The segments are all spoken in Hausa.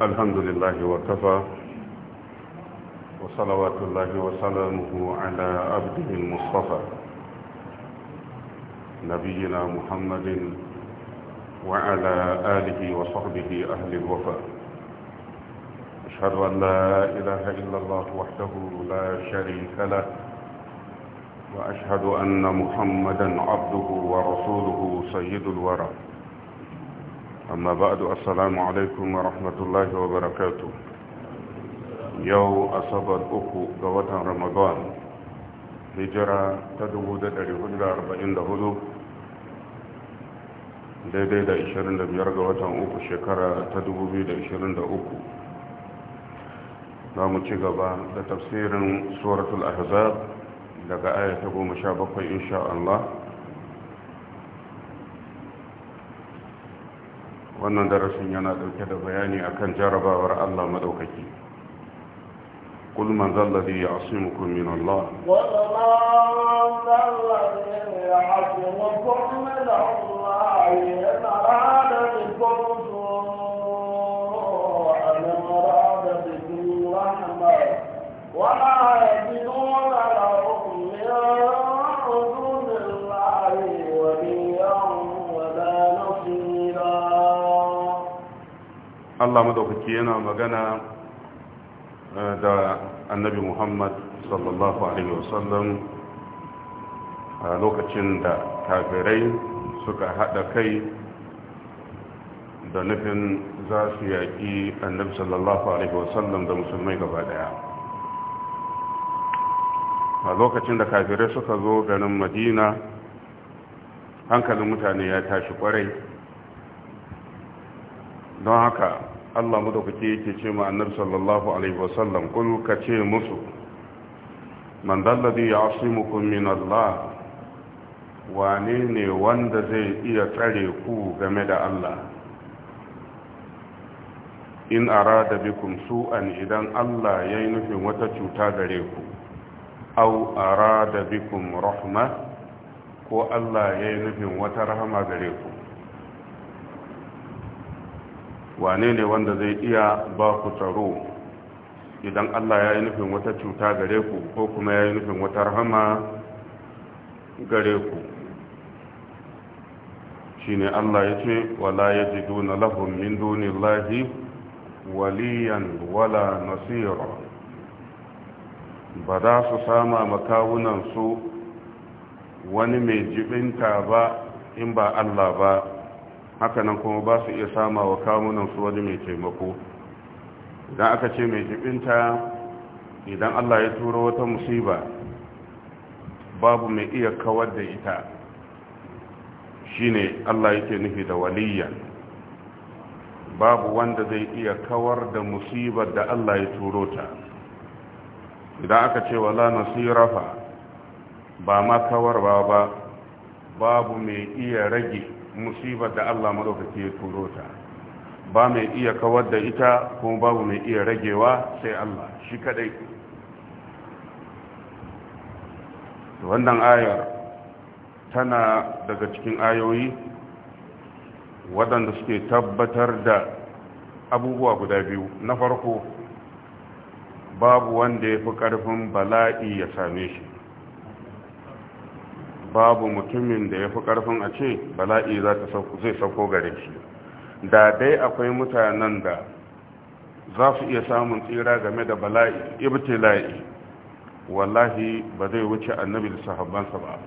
الحمد لله وكفى وصلوات الله وسلامه على عبده المصطفى نبينا محمد وعلى آله وصحبه أهل الوفاء أشهد أن لا إله إلا الله وحده لا شريك له وأشهد أن محمدا عبده ورسوله سيد الورى أما بعد السلام عليكم ورحمة الله وبركاته يو أصبت أكو قوة رمضان هجرة تدود الهجرة أربعين دهدو daidai da 25 ga watan uku shekara ta 2023 za mu ci gaba da tafsirin suratul ahzab daga ayata 17 insha Allah wannan darasin yana dauke da bayani akan jarabawar Allah madaukaki قل من ذا الذي يعصمكم من الله قل من ذا الذي يعصمكم من الله إن أراد بكم سوءا إن أراد بكم رحمة وما يجدون لهم من Allah madaukaki yana magana eh, da annabi Muhammad sallallahu alaihi wasallam a lokacin da kafirai suka hada kai da nufin za su yaƙi annabi sallallahu alaihi wasallam da musulmai gaba daya a lokacin da kafirai suka zo ganin madina hankalin mutane ya tashi kwarai don haka Allah kuke yake ce ma annabi sallallahu alaihi sallam? kul ka ce musu man dalladhi ya'simukum min Allah wane ne wanda zai iya tsare ku game da Allah in arada bikum su'an idan Allah yayi nufin wata cuta gare ku aw arada bikum rahma ko Allah yayi nufin wata rahama gare ku wane ne wanda zai iya ba ku tsaro idan Allah ya yi nufin wata cuta gare ku ko kuma ya yi nufin wata rahama gare ku shi ne Allah ya ce wala ya ji duna lafin min duni lahi waliyan wala nasira ba za su sama makawunansu wani mai jibinta ba in ba Allah ba hakanan kuma ba su iya sama wa su wani mai taimako idan aka ce mai jibinta idan allah ya turo wata musiba babu mai iya kawar da ita shine allah yake nufi da waliyya babu wanda zai iya kawar da musibar da allah ya turo ta idan aka ce wala nasirafa ba ma kawarwa ba babu mai iya rage musibar da Allah madaukake ya turo ta ba mai iya kawar da ita kuma babu mai iya ragewa sai Allah shi kadai wannan ayar tana daga cikin ayoyi waɗanda suke tabbatar da abubuwa guda biyu na farko babu wanda ya fi ƙarfin bala'i ya same shi babu mutumin da ya fi karfin a ce bala'i zai sauko gare shi da dai akwai mutanen da za su iya samun tsira game da bala'i ibtila'i wallahi ba zai wuce annabi da sahabbansa ba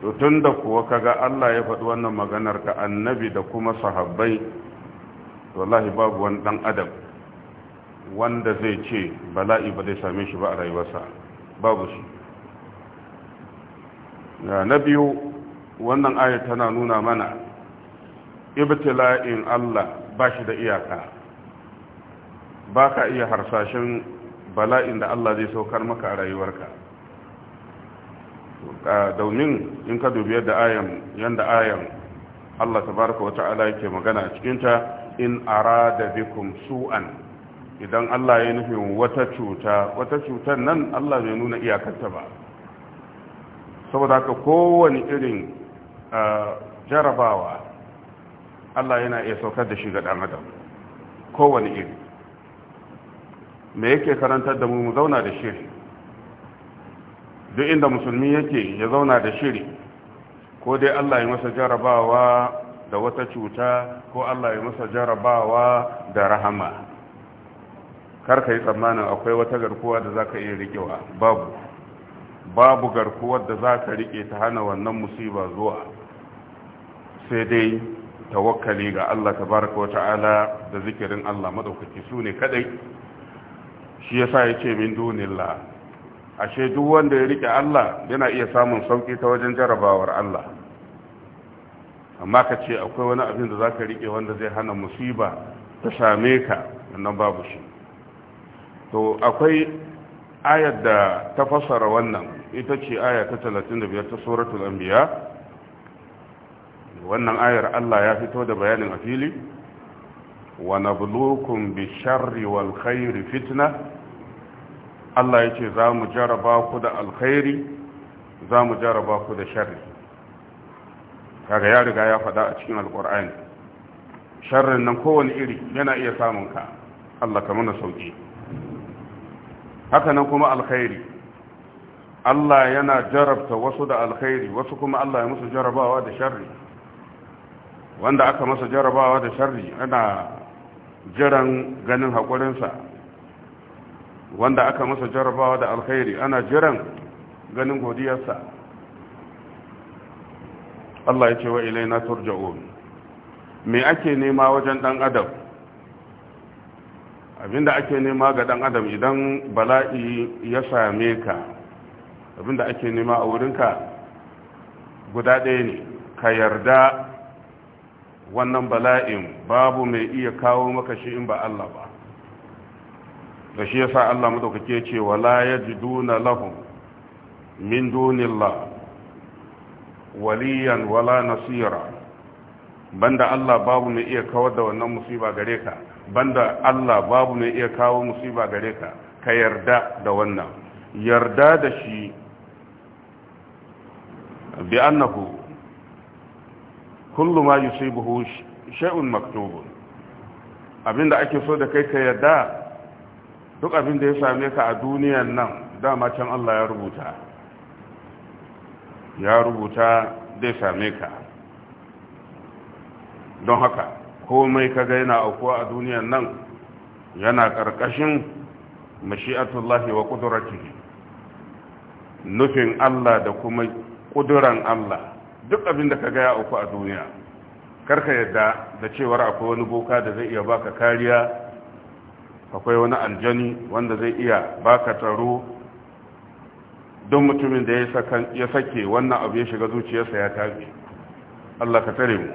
to tun da kuwa kaga Allah ya faɗi wannan maganar ka annabi da kuma sahabbai wallahi babu wani ɗan adam wanda zai ce bala'i ba zai same shi ba a rayuwarsa babu shi na biyu wannan ayat tana nuna mana ibtila'in Allah ba shi da iyaka ba ka iya harsashen bala'in da Allah zai saukar maka a rayuwarka domin in ka dubi yadda ayan yadda ayan Allah tabaraka ala yake magana a cikinta in arada bikum su'an idan Allah ya nufin wata cuta wata cutar nan Allah bai nuna iyakarta ba saboda haka kowane irin jarabawa Allah yana iya saukar da shi ga ɗan adam kowane iri me yake karantar da mu mu zauna da shiri duk inda musulmi yake ya zauna da shiri ko dai Allah ya masa jarabawa da wata cuta ko Allah ya masa jarabawa da rahama kar ka yi tsammanin akwai wata garkuwa da za ka iya riƙewa babu babu garkuwar da za ka rike ta hana wannan musiba zuwa sai dai tawakkali ga Allah tabaraka wa ta'ala da zikirin Allah madaukaki su ne kadai shi yasa yace min dunilla ashe duk wanda ya rike Allah yana iya samun sauki ta wajen jarabawar Allah amma ka ce akwai wani abin da zaka rike wanda zai hana musiba ta same ka wannan babu shi to akwai ayar da ta fassara wannan ita ce aya ta 35 ta suratul anbiya wannan ayar Allah ya fito da bayanin a fili wa nabluukum bisharri wal khairi fitna Allah yace za mu jaraba ku da alkhairi za mu jaraba ku da sharri kaga ya riga ya faɗa a cikin alkur'ani sharrin nan kowane iri yana iya samun ka Allah ka mana sauki haka nan kuma alkhairi Allah yana jarabta wasu da alkhairi wasu kuma Allah ya musu jarabawa da sharri wanda aka masa jarabawa da sharri ana jiran ganin haƙurinsa wanda aka masa jarabawa da alkhairi ana jiran ganin godiyarsa Allah ya ce wa ilaina turja'un me ake nema wajen dan adam abinda ake nema ga dan adam idan bala'i ya same ka abinda ake nema a wurinka guda ɗaya ne ka yarda wannan bala'in babu mai iya kawo maka shi in ba Allah ba da shi yasa Allah madaukake ce wala yajiduna lahum min dunillah waliyan wala nasira banda Allah babu mai iya kawar da wannan musiba gare ka banda Allah babu mai iya kawo musiba gare ka ka yarda da wannan yarda da shi bi annahu kullu ma yusibuhu shay'un maktubun abinda ake so da kai ka yadda duk abinda ya same ka a duniyan nan dama can Allah ya rubuta ya rubuta zai same ka don haka komai ka ga yana aukuwa a duniyan nan yana ƙarƙashin mashi'atullahi wa ƙudurarki nufin Allah da kuma Kuduran Allah duk abin da ka gaya uku a duniya karka yadda da cewar akwai wani boka da zai iya baka kariya akwai wani aljani wanda zai iya baka taro, don mutumin da ya sake wannan abu ya shiga zuciyarsa ya tafi Allah ka tare mu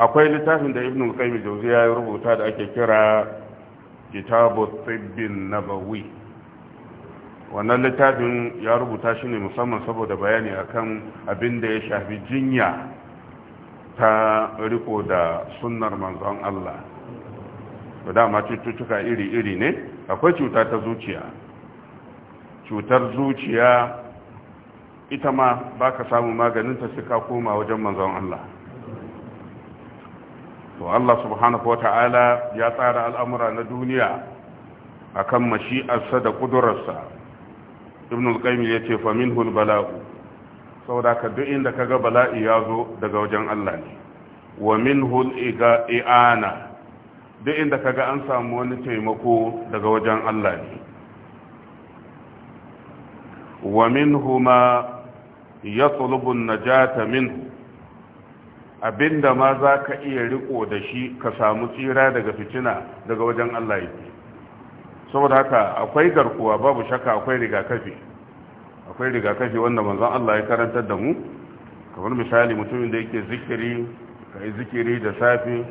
akwai littafin da ibn qayyim jawziya ya rubuta da ake kira kitabu tibbin nabawi wannan littafin ya rubuta shi ne musamman saboda bayani akan abin da ya shafi jinya ta riko da sunnar manzon Allah da dama cututtuka iri-iri ne akwai cuta ta zuciya cutar zuciya ita ma ba ka samu maganinta sai ka koma wajen manzon Allah to Allah subhanahu ta'ala ya tsara al'amura na duniya akan mashi'arsa da ƙudurarsa. ibn al-qayyim yace fa minhu al-bala'u saboda ka duk inda kaga bala'i ya zo daga wajen Allah ne wa minhu al-i'ana duk inda kaga an samu wani taimako daga wajen Allah ne wa minhu ma yatlubu an-najata minhu abinda ma zaka iya riko da shi ka samu tsira daga fitina daga wajen Allah yake saboda haka akwai garkuwa babu shaka akwai rigakafi akwai rigakafi wanda manzon Allah ya karantar da mu kamar misali mutumin da yake zikiri kai zikiri da safi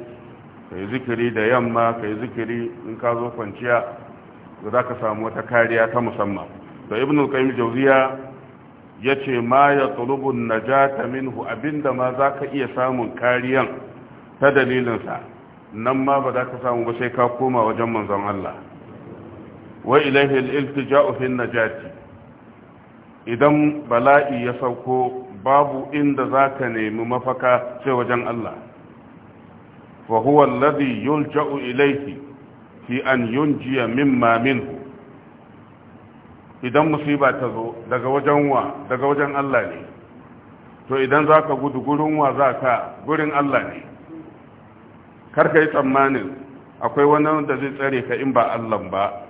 kai zikiri da yamma kai zikiri in ka zo kwanciya za zaka samu wata kariya ta musamman to ibnu qayyim jawziya yace ma ya tulubun najata minhu abinda ma zaka iya samun kariyan ta dalilinsa nan ma ba za ka samu ba sai ka koma wajen manzon Allah wa ilaihi al-iltija'u fi najati idan bala'i ya sauko babu inda zaka nemi mafaka sai wajen Allah wa huwa alladhi yulja'u ilayhi fi an yunjiya mimma minhu idan musiba ta zo daga wajen wa daga wajen Allah ne to idan zaka gudu gurin wa zaka gurin Allah ne karka yi tsammanin akwai wani da zai tsare ka in ba Allah ba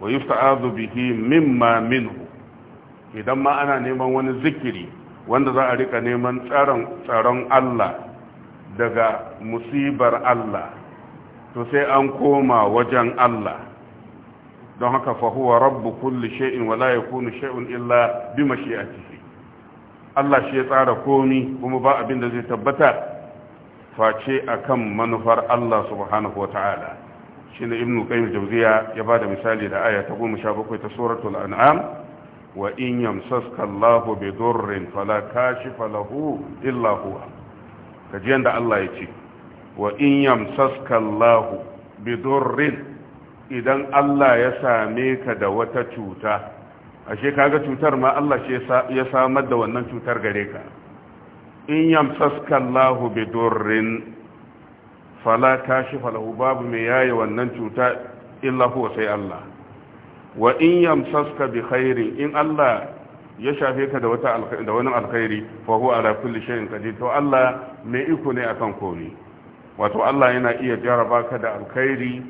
wa biki bihi mimma minhu idan ma ana neman wani zikiri wanda za a rika neman tsaron Allah daga musibar Allah to sai an koma wajen Allah don haka fahuwa rabbu kulli shay'in wala yakunu shay'un illa bi mashi'atihi Allah shi ya tsara komi kuma ba abin da zai tabbata face akan manufar Allah subhanahu wataala shine ibnu qayyim jawziya ya bada misali da aya ta 17 ta suratul an'am wa in yamsaska Allahu bi durrin fala kashifa lahu illa huwa kaji yanda Allah ya ce wa in yamsaska Allahu bi durrin idan Allah ya same ka da wata cuta ashe kaga cutar ma Allah shi ya samar da wannan cutar gare ka in yamsaska Allahu bi durrin fala shi falahu babu mai yaye wannan cuta illa sai Allah wa in yamsaska bi khairin in Allah ya shafe ka da wata da wani alkhairi fa huwa ala kulli shay'in qadir to Allah mai iko ne akan komai wato Allah yana iya jaraba ka da alkhairi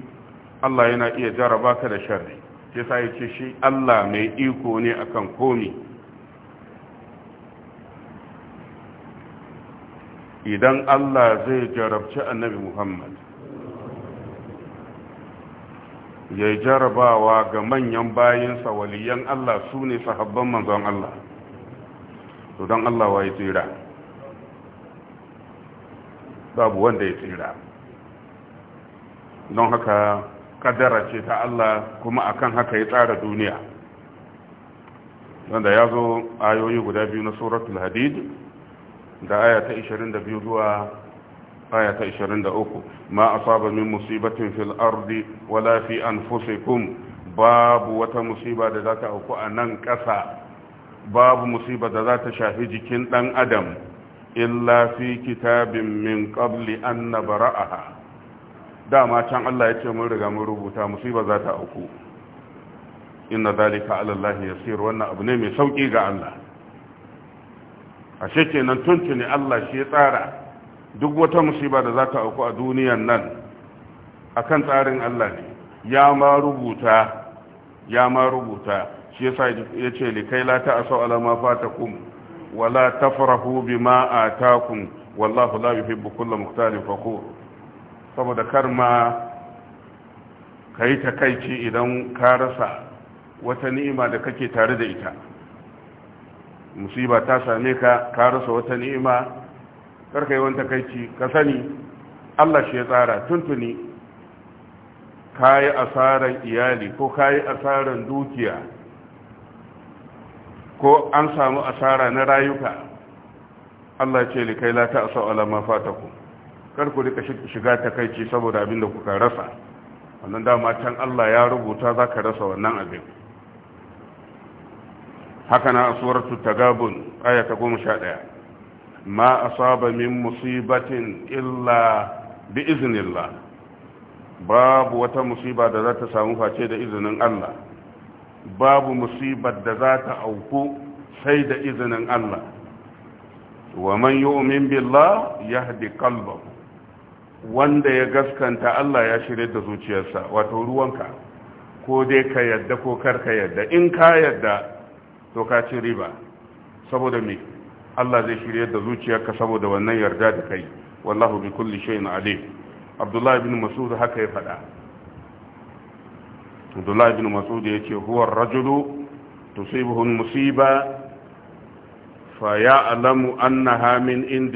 Allah yana iya jaraba ka da sharri sai sai ce shi Allah mai iko ne akan komai idan Allah zai jarabci annabi Muhammad ya jarabawa ga manyan bayinsa waliyan Allah su ne sahabban manzon Allah to don Allah wa ya tsira babu wanda ya tsira don haka kadara ce ta Allah kuma akan haka ya tsara duniya wanda ya zo ayoyi guda biyu na suratul hadid da aya ta 22 zuwa aya ta 23 ma asaba min musibatin fil ardi wala fi anfusikum babu wata musiba da za ta auku a nan ƙasa babu musiba da za ta shafi jikin ɗan adam illa fi kitabin min qabli an nabra'aha dama can Allah ya ce mun riga mun rubuta musiba za ta auku inna zalika ala yasir wannan abu ne mai sauƙi ga Allah ashe kenan tuntuni Allah shi ya tsara duk wata musiba da za ta auku a duniyan nan akan tsarin Allah ne ya ma rubuta ya ma rubuta shi yasa yace kai la ta'asau ala ma fatakum wala tafrahu bima atakum wallahu la yuhibbu kulla mukhtalin fakhur saboda karma kai takaici idan ka rasa wata ni'ima da kake tare da ita musiba ta same ka ka rasa wata ni'ima karka yi wanta kaici ka sani Allah shi ya tsara tuntuni ka asaran iyali ko ka asaran dukiya ko an samu asara na rayuka Allah ce kai la ta asau ma fataku karku rika shiga takaici saboda abin da kuka rasa wannan dama can Allah ya rubuta zaka rasa wannan abin haka na suratu ta aya ta goma sha ɗaya ma asaba min musibatin illa bi iznillah babu wata musiba da za ta samu face da izinin Allah babu musibar da za ta auku sai da izinin Allah wa man yu'min billah yahdi qalbahu wanda ya gaskanta Allah ya shirye da zuciyarsa wato ruwanka ko dai ka yadda ko kar ka yadda in ka yadda to ka ci riba saboda me Allah zai shirye da zuciyarka saboda wannan yarda da kai wallahu bi kulli shay'in alim Abdullah ibn Mas'ud haka ya faɗa Abdullah ibn Mas'ud yace huwa ar-rajulu tusibuhu musiba فيعلم أنها من عند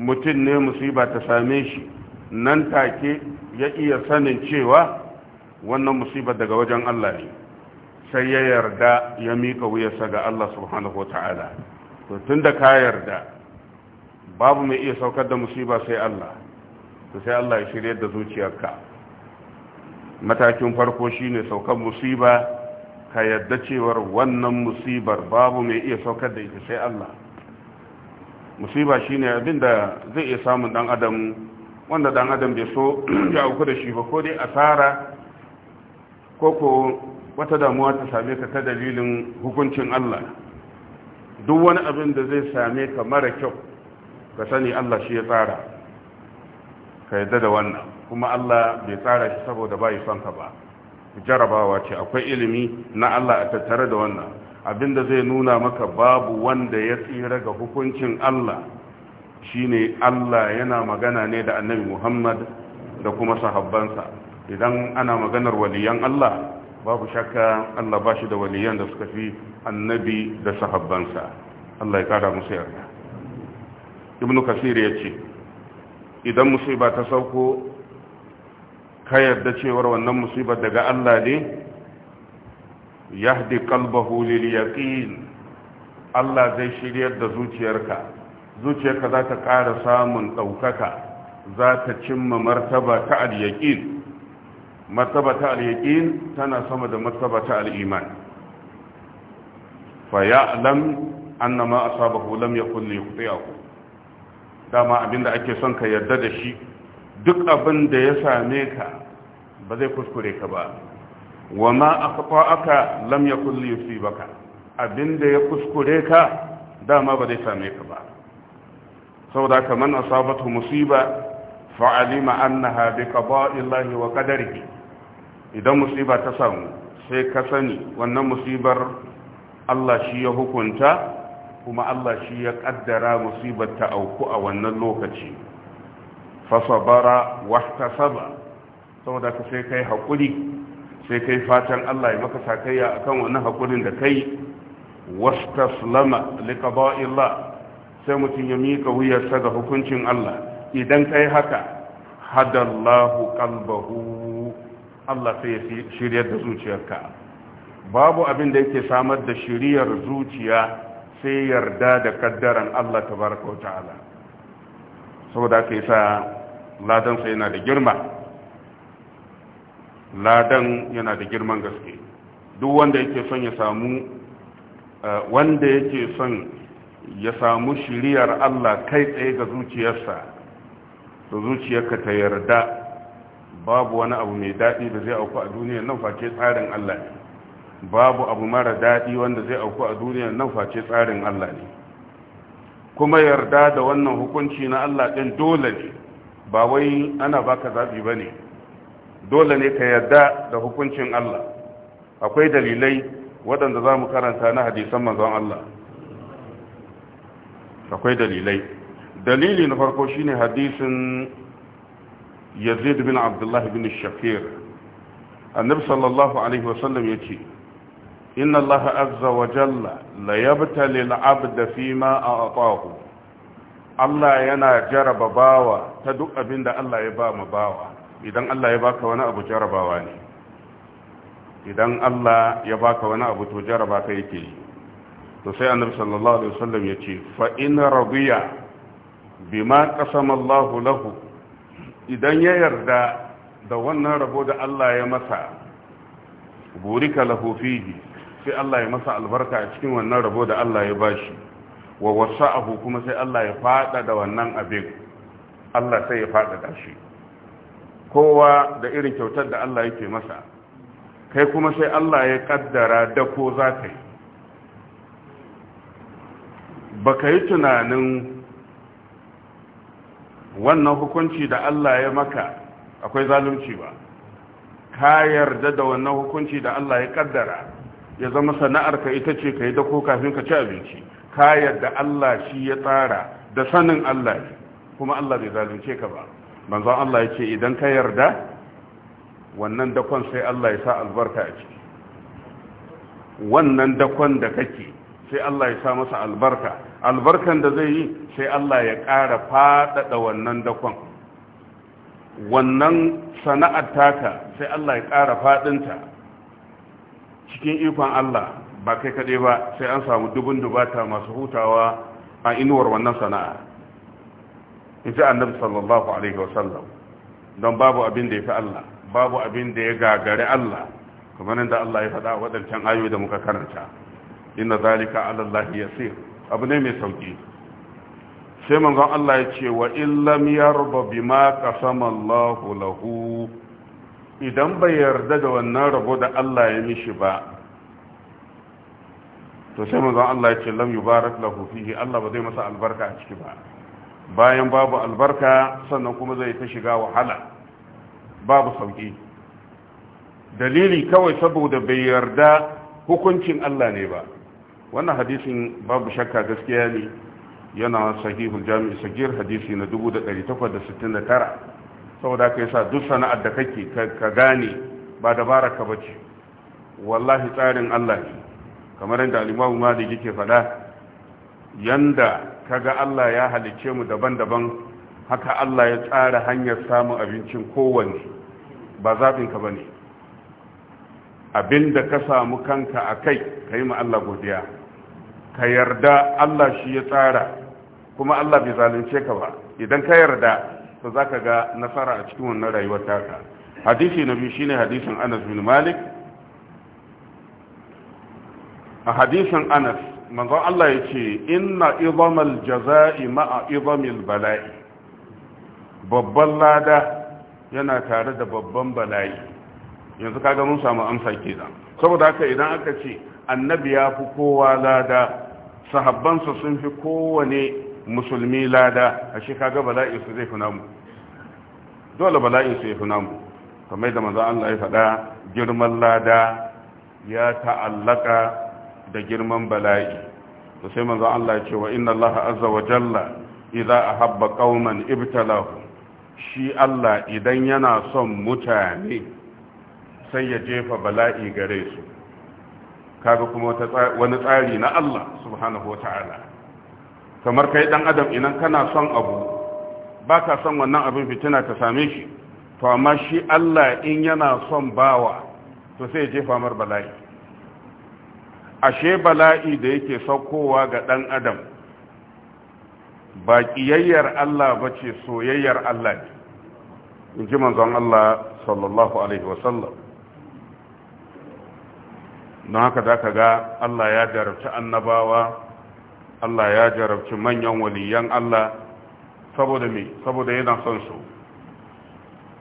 mutum ne musiba ta same shi nan take ya iya sanin cewa wannan musibar daga wajen Allah ne sai ya yarda ya mika wuyarsa ga Allah subhanahu wata'ala to tunda ka yarda babu mai iya saukar da musiba sai Allah to sai Allah ya shirye da zuciyarka matakin farko shine saukar musiba ka yarda cewar wannan musibar babu mai iya saukar da ita sai Allah musiba shine abin da zai iya samun dan adam wanda dan adam bai so ya auku da shi ba ko dai asara ko ko wata damuwa ta same ka ta dalilin hukuncin Allah duk wani abin da zai same ka mara kyau ka sani Allah shi ya tsara ka yadda da wannan kuma Allah bai tsara shi saboda bai son ka ba jarabawa ce akwai ilimi na Allah a tattare da wannan Abin da zai nuna maka babu wanda ya tsira ga hukuncin Allah shine Allah yana magana ne da Annabi Muhammad da kuma sahabbansa idan ana maganar waliyan Allah babu shakka Allah ba shi da waliyan da suka fi annabi da sahabbansa Allah ya kada musu yarda ibn kasir ya ce idan musiba ta sauko ka yarda cewar wannan musibar daga Allah ne yahdi qalbahu lil yaqin Allah zai shiryar da zuciyarka zuciyarka za ta ƙara samun ɗaukaka za ta cimma martaba ta al yaqin martabata ta al-yaqin tana sama da martaba ta al-iman fa ya'lam anna ma asabahu lam yakun li yuqti'ahu dama abinda ake son ka yarda da shi duk abin da ya same ka ba zai kuskure ka ba wa ma akhta'aka lam yakun li yusibaka abinda ya kuskure ka dama ba zai same ka ba saboda kaman asabatu musiba fa'alima annaha bi qada'illahi wa qadarihi idan musiba ta samu sai ka sani wannan musibar Allah shi ya hukunta kuma Allah shi ya kaddara musibar ta auku a wannan lokaci fasabara wahtasaba saboda ka sai kai hakuri sai kai fatan Allah ya maka sakayya akan wannan hakurin da kai wastaslama liqada'illah sai mutum ya mika wuyarsa ga hukuncin Allah idan kai haka hadallahu qalbahu Allah sai ya shiryar da zuciyarka babu abin da yake samar da shiryar zuciya sai yarda da kaddaran Allah tabaraka wa ta'ala saboda aka yi sa ladan yana da girma ladan yana da girman gaske duk wanda yake son ya samu eh, wanda yake son ya samu shiriyar Allah kai tsaye ga zuciyarsa da zuciyarka ta yarda babu wani abu mai daɗi da zai auku a duniyar nan face tsarin Allah ne babu abu mara daɗi wanda zai auku a duniyar nan face tsarin Allah ne kuma yarda da wannan hukunci na Allah ɗin dole ne ba wai ana baka zaɓi ba ne dole ne ka yarda da hukuncin Allah akwai dalilai waɗanda za mu karanta na hadisan manzon Allah akwai dalilai dalili na farko shine hadisin yazid bin abdullahi bin shakir annabi sallallahu alaihi wasallam ya ce inna allah azza wa jalla la yabtali al-abda fi ma a'tahu Allah yana jaraba bawa ta duk abin da Allah ya ba mu bawa idan Allah ya baka wani abu jarabawa ne idan Allah ya baka wani abu to jaraba ka yake yi to sai annabi sallallahu alaihi wasallam ya ce fa in radiya bima qasama Allah lahu idan ya yarda da wannan rabo da Allah ya masa burika lahu fihi sai Allah ya masa albarka a cikin wannan rabo da Allah ya bashi wa wasa'ahu kuma sai Allah ya fada da wannan abin Allah sai ya fada da shi kowa da irin kyautar da Allah yake masa kai kuma sai Allah ya kaddara da ko za ka yi ba ka yi tunanin wannan hukunci da Allah ya maka akwai zalunci ba ka yarda da wannan hukunci da Allah ya kaddara ya zama sana'arka ita ce ka yi dako kafin ka ci abinci ka yarda Allah shi ya tsara da sanin Allah ne kuma Allah bai zalunce ka ba manzon Allah ya idan ka yarda wannan dakon sai Allah ya sa albarka a ciki wannan dakon da kake sai Allah ya sa masa albarka albarkan da zai yi sai Allah ya ƙara faɗaɗa wannan dakon wannan sana'ar taka sai Allah ya ƙara faɗinta cikin ikon Allah ba kai kaɗai ba sai an samu dubun dubata masu hutawa a inuwar wannan sana'a in ji annabi sallallahu alaihi wasallam don babu abin da ya fi Allah babu abin da ya gagari Allah kamar da Allah ya faɗa waɗancan ayoyi da muka karanta inna zalika ala Allah yasir abu ne mai sauƙi sai manzon Allah ya ce wa illam yarda bima qasama Allahu lahu idan bai yarda da wannan rabo da Allah ya mishi ba to sai manzon Allah ya ce lam yubarak lahu fihi Allah ba zai masa albarka a ciki ba bayan babu albarka sannan kuma zai ta shiga wahala babu sauƙi dalili kawai saboda bai yarda hukuncin Allah ne ba wannan hadisin babu shakka gaskiya ne yana sahihul jami'i sagir hadisi na 1869 saboda ka sa duk sana'ar da kake ka gane ba dabara ka bace wallahi tsarin Allah ne kamar yadda al-Imam Malik yake faɗa yanda kaga Allah ya halicce mu daban-daban haka Allah ya tsara hanyar samun abincin kowanne ba zaɓinka ka bane abinda ka samu kanka a kai ka yi Allah godiya ka yarda Allah shi ya tsara kuma Allah bai zalunce ka ba idan ka yarda to za ka ga nasara a cikin wannan rayuwar taka hadisi na biyu shine hadisin Anas bin Malik a hadisin Anas manzo Allah ya inna izamal jaza'i ma'a izamil bala'i babban lada yana tare da babban bala'i yanzu kaga mun samu amsa kenan saboda haka idan aka ce annabi ya fi kowa lada sahabbansa sun fi kowane musulmi lada a shekaga bala'insu zai fi namu dole bala'insu ya fi namu kamar da manzan Allah ya faɗa girman lada ya ta'allaka da girman bala'i to sai manzan Allah ya ce wa inna Allah azza wa jalla idza ahabba qauman ibtalahu shi Allah idan yana son mutane sai ya jefa bala'i gare su kaga kuma wani tsari na Allah subhanahu wata'ala kamar kai dan adam idan kana son abu baka son wannan abin fitina ta same shi to amma shi Allah in yana son bawa to sai jefa mar bala'i ashe bala'i da yake saukowa ga dan adam ba kiyayyar Allah bace soyayyar Allah ne in ji manzon Allah sallallahu alaihi wasallam don haka za ka ga Allah ya jarabci annabawa Allah ya jarabci manyan waliyan Allah saboda mai saboda yana son su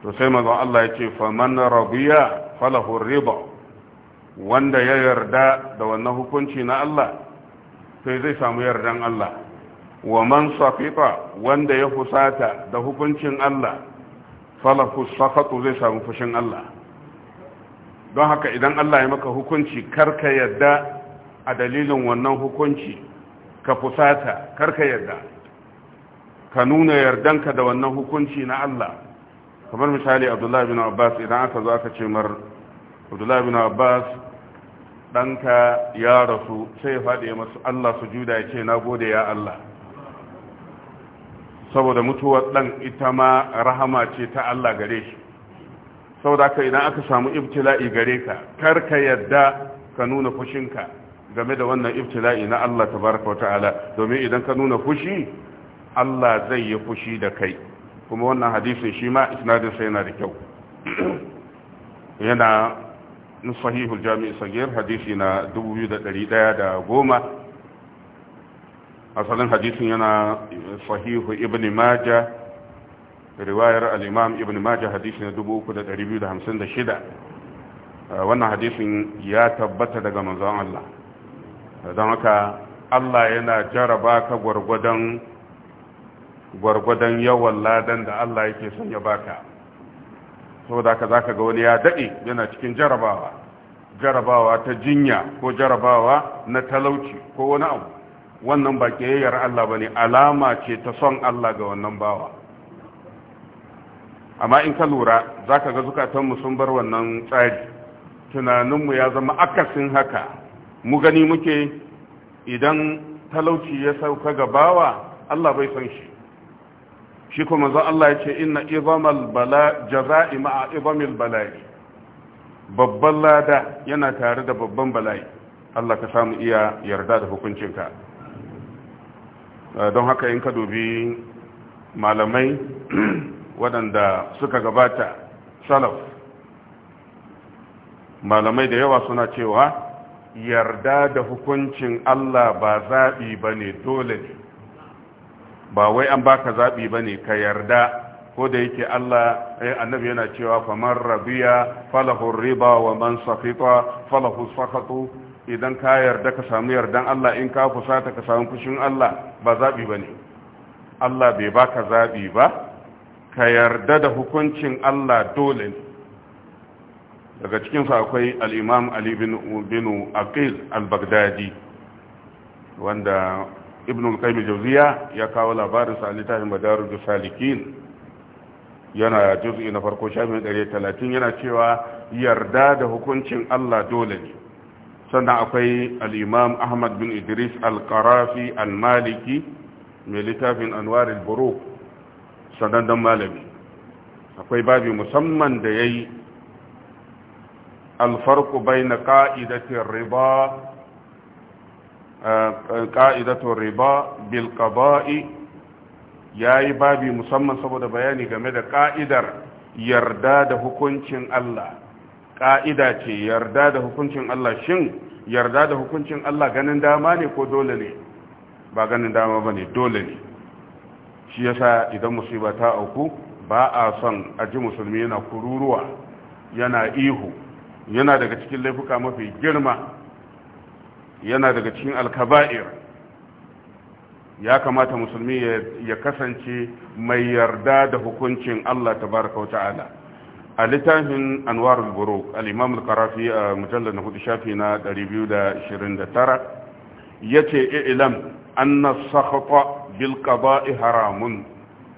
to sai mazan Allah ya ce faman rabiya falahu riba wanda ya yarda da wannan hukunci na Allah sai zai samu yardan Allah wa man safifa wanda ya fusata da hukuncin Allah falahu safatu zai samu fushin Allah don haka idan Allah ya maka hukunci karka yadda a dalilin wannan hukunci ka fusata karka yadda ka nuna yardanka da wannan hukunci na Allah kamar misali Abdullahi bin Abbas idan aka zo aka ce mar Abdullahi bin Abbas ɗanka ya rasu sai ya faɗi masu Allah sujuda ya ce na gode ya Allah saboda mutuwar ɗan ita ma rahama ce ta Allah gare shi saboda haka idan aka samu ibtila'i gare ka kar ka yadda ka nuna fushinka game da wannan ibtila'i na Allah tabaraka wata'ala domin idan ka nuna fushi Allah zai yi fushi da kai kuma wannan hadisin shi ma isnadin sa yana da kyau yana sahihul jami'i sagir hadisi na 2110 asalin hadisin yana sahihu ibn majah riwayar al-imam ibn majah hadisi na 3256 wannan hadisin ya tabbata daga manzon Allah don haka Allah yana jaraba ka gwargwadon yawan ladan da Allah yake son ya baka saboda ka zaka ga wani ya daɗe yana cikin jarabawa jarabawa ta jinya ko jarabawa na talauci ko wani abu wannan ba ƙiyayyar Allah ba ne alama ce ta son Allah ga wannan bawa amma in ka lura za ka ga zukatanmu sun bar wannan tsari tunaninmu ya zama akasin haka mu gani muke idan talauci ya sauka ga bawa Allah bai san shi shi kuma zan Allah ya ce inna izamal bala jaza'i ma'a izamil bala'i babban lada yana tare da babban bala'i Allah ka samu iya yarda da hukuncinka don haka in ka dubi malamai waɗanda suka gabata salaf malamai da yawa suna cewa yarda da hukuncin Allah ba zaɓi ba dole ba wai an baka zaɓi ba ne ka yarda ko da yake Allah eh annabi yana cewa faman rabiya falahu riba wa man safita falahu sakatu idan ka yarda ka samu yardan Allah in ka fusata ka samu fushin Allah ba zaɓi ba Allah bai baka zaɓi ba ka yarda da hukuncin Allah dole daga cikin fa akwai al'imam Ali bin Aqil al-Baghdadi wanda ibn al al jawziya ya kawo labarin sa littafin madarijus salikin yana juz'i na farko shafin 130 yana cewa yarda da hukuncin Allah dole sannan akwai al-imam Ahmad bin Idris al-Qarafi al-Maliki mai littafin Anwar al-Buruq sanannen malami akwai babi musamman da ya yi alfarku bai na ƙa'idatun riba eh, bilkaba'i ya yi babi musamman saboda bayani game da ƙa'idar yarda da hukuncin Allah ƙa'ida ce yarda da hukuncin Allah shin yarda da hukuncin Allah ganin dama ne ko dole ne ba ganin dama ba ne dole ne shi yasa idan musiba ta auku ba a son a ji musulmi yana kururuwa yana ihu yana daga cikin laifuka mafi girma yana daga cikin alkaba'ir ya kamata musulmi ya kasance mai yarda da hukuncin Allah tabaraka wata'ala a littafin anwarul buruk al-imam al-qarafi a mujallar na hudu shafi na 229 yace ilam na sakhata bil haramun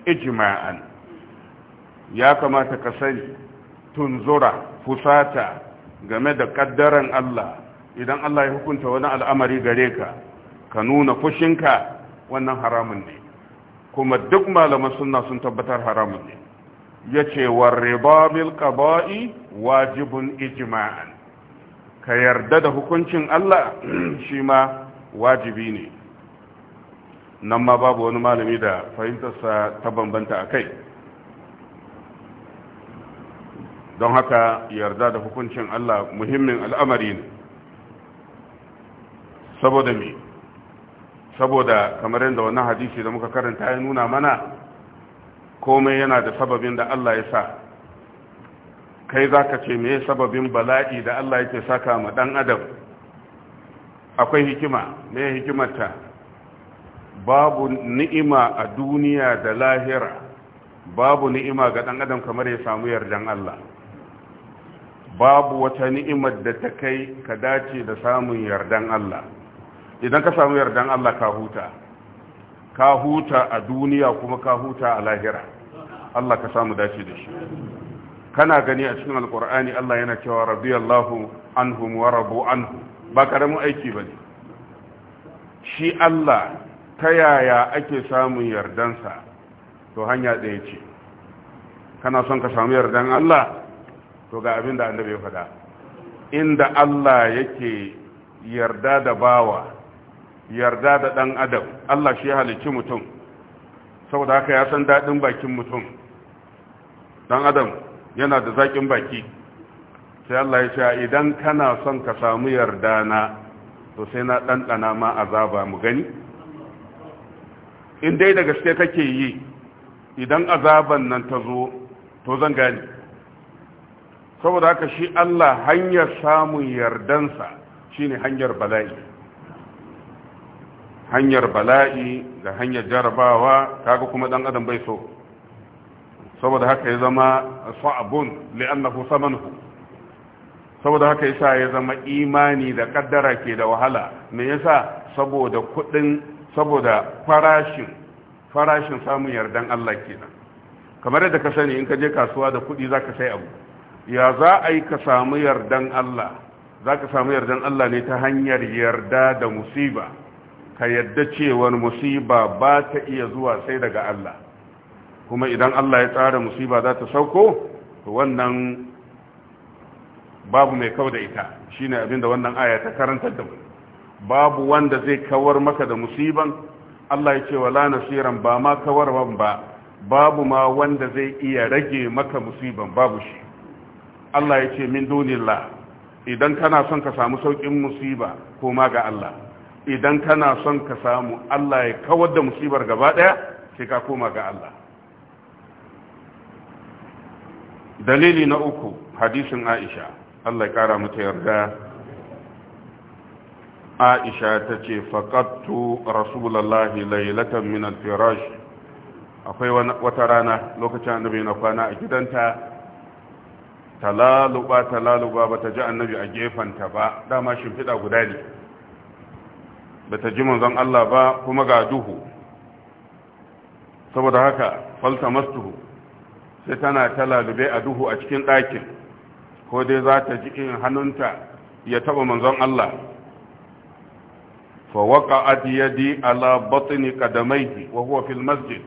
ijima'an ya kamata ka sani tunzura fusata game da kaddaran Allah idan Allah ya hukunta wani al'amari gare ka ka nuna fushinka wannan haramun ne kuma duk malaman sunna sun tabbatar haramun ne ce warriba bil qada'i wajibin ijima'an ka yarda da hukuncin Allah shi ma wajibi ne nan ma babu wani malami da fahimtarsa ta bambanta a kai don haka yarda da hukuncin Allah muhimmin al'amari ne saboda me saboda kamar yadda wannan hadisi da muka karanta ya nuna mana komai yana da sababin da Allah ya sa kai za ka ce me sababin bala'i da Allah yake saka ma ɗan adam akwai hikima mai hikimarta babu ni'ima a duniya da lahira babu ni'ima ga ɗan adam kamar ya samu yardan Allah babu wata ni'imar da ta kai ka dace da samun yardan Allah idan ka samu yardan Allah ka huta ka huta a duniya kuma ka huta a lahira Allah ka samu dace da shi kana gani a cikin alkur'ani Allah yana cewa radiyallahu anhum wa rabu anhu ba karamin aiki bane shi Allah ta yaya ake samun yardansa to hanya ɗaya ce kana son ka samu yardan Allah to ga abin da annabi ya faɗa inda Allah yake yarda da bawa yarda da ɗan adam Allah shi halicci mutum saboda haka ya san daɗin bakin mutum ɗan adam yana da zaƙin baki sai Allah ya ce idan kana son ka samu yarda na to sai na ɗanɗana ma azaba mu gani in dai da gaske kake yi idan azaban nan ta zo to zan gane saboda haka shi Allah hanyar samun yardansa shine hanyar bala'i hanyar bala'i da hanyar jarabawa kaga kuma dan adam bai so saboda haka ya zama sa'abun li'annahu samanhu saboda haka yasa ya zama imani da kaddara ke da wahala me yasa saboda kudin saboda farashin farashin samun yardan Allah kenan kamar yadda ka sani in ka je kasuwa da kuɗi za ka sai abu ya za a ka samu yardan Allah za samu yardan Allah ne ta hanyar yarda da musiba ka yadda cewar musiba ba ta iya zuwa sai daga Allah kuma idan Allah ya tsara musiba za ta sauko wannan babu mai kau da ita shine abinda wannan aya ta karantar da mu babu wanda zai kawar maka da musiban Allah ya ce wa la nasiran ba ma kawar ba babu ma wanda zai iya rage maka musiban babu shi Allah ya ce min dunilla idan kana son ka samu saukin musiba koma ga Allah idan kana son ka samu Allah ya kawar da musibar gaba daya sai ka koma ga Allah dalili na uku hadisin Aisha Allah ya kara mata yarda aisha ta ce faƙattu rasulallahi lailatan min alfirash akwai wata rana lokacin annabi na kwana a gidanta talaluba talaluba ba ta ji annabi a gefanta ba dama shimfiɗa guda ne bata ji manzon Allah ba kuma ga duhu saboda haka falta mastuhu sai tana talalube a duhu a cikin ɗakin ko dai za ta ji in hannunta ya taɓa manzon Allah فوقعت يدي على بطن قدميه وهو في المسجد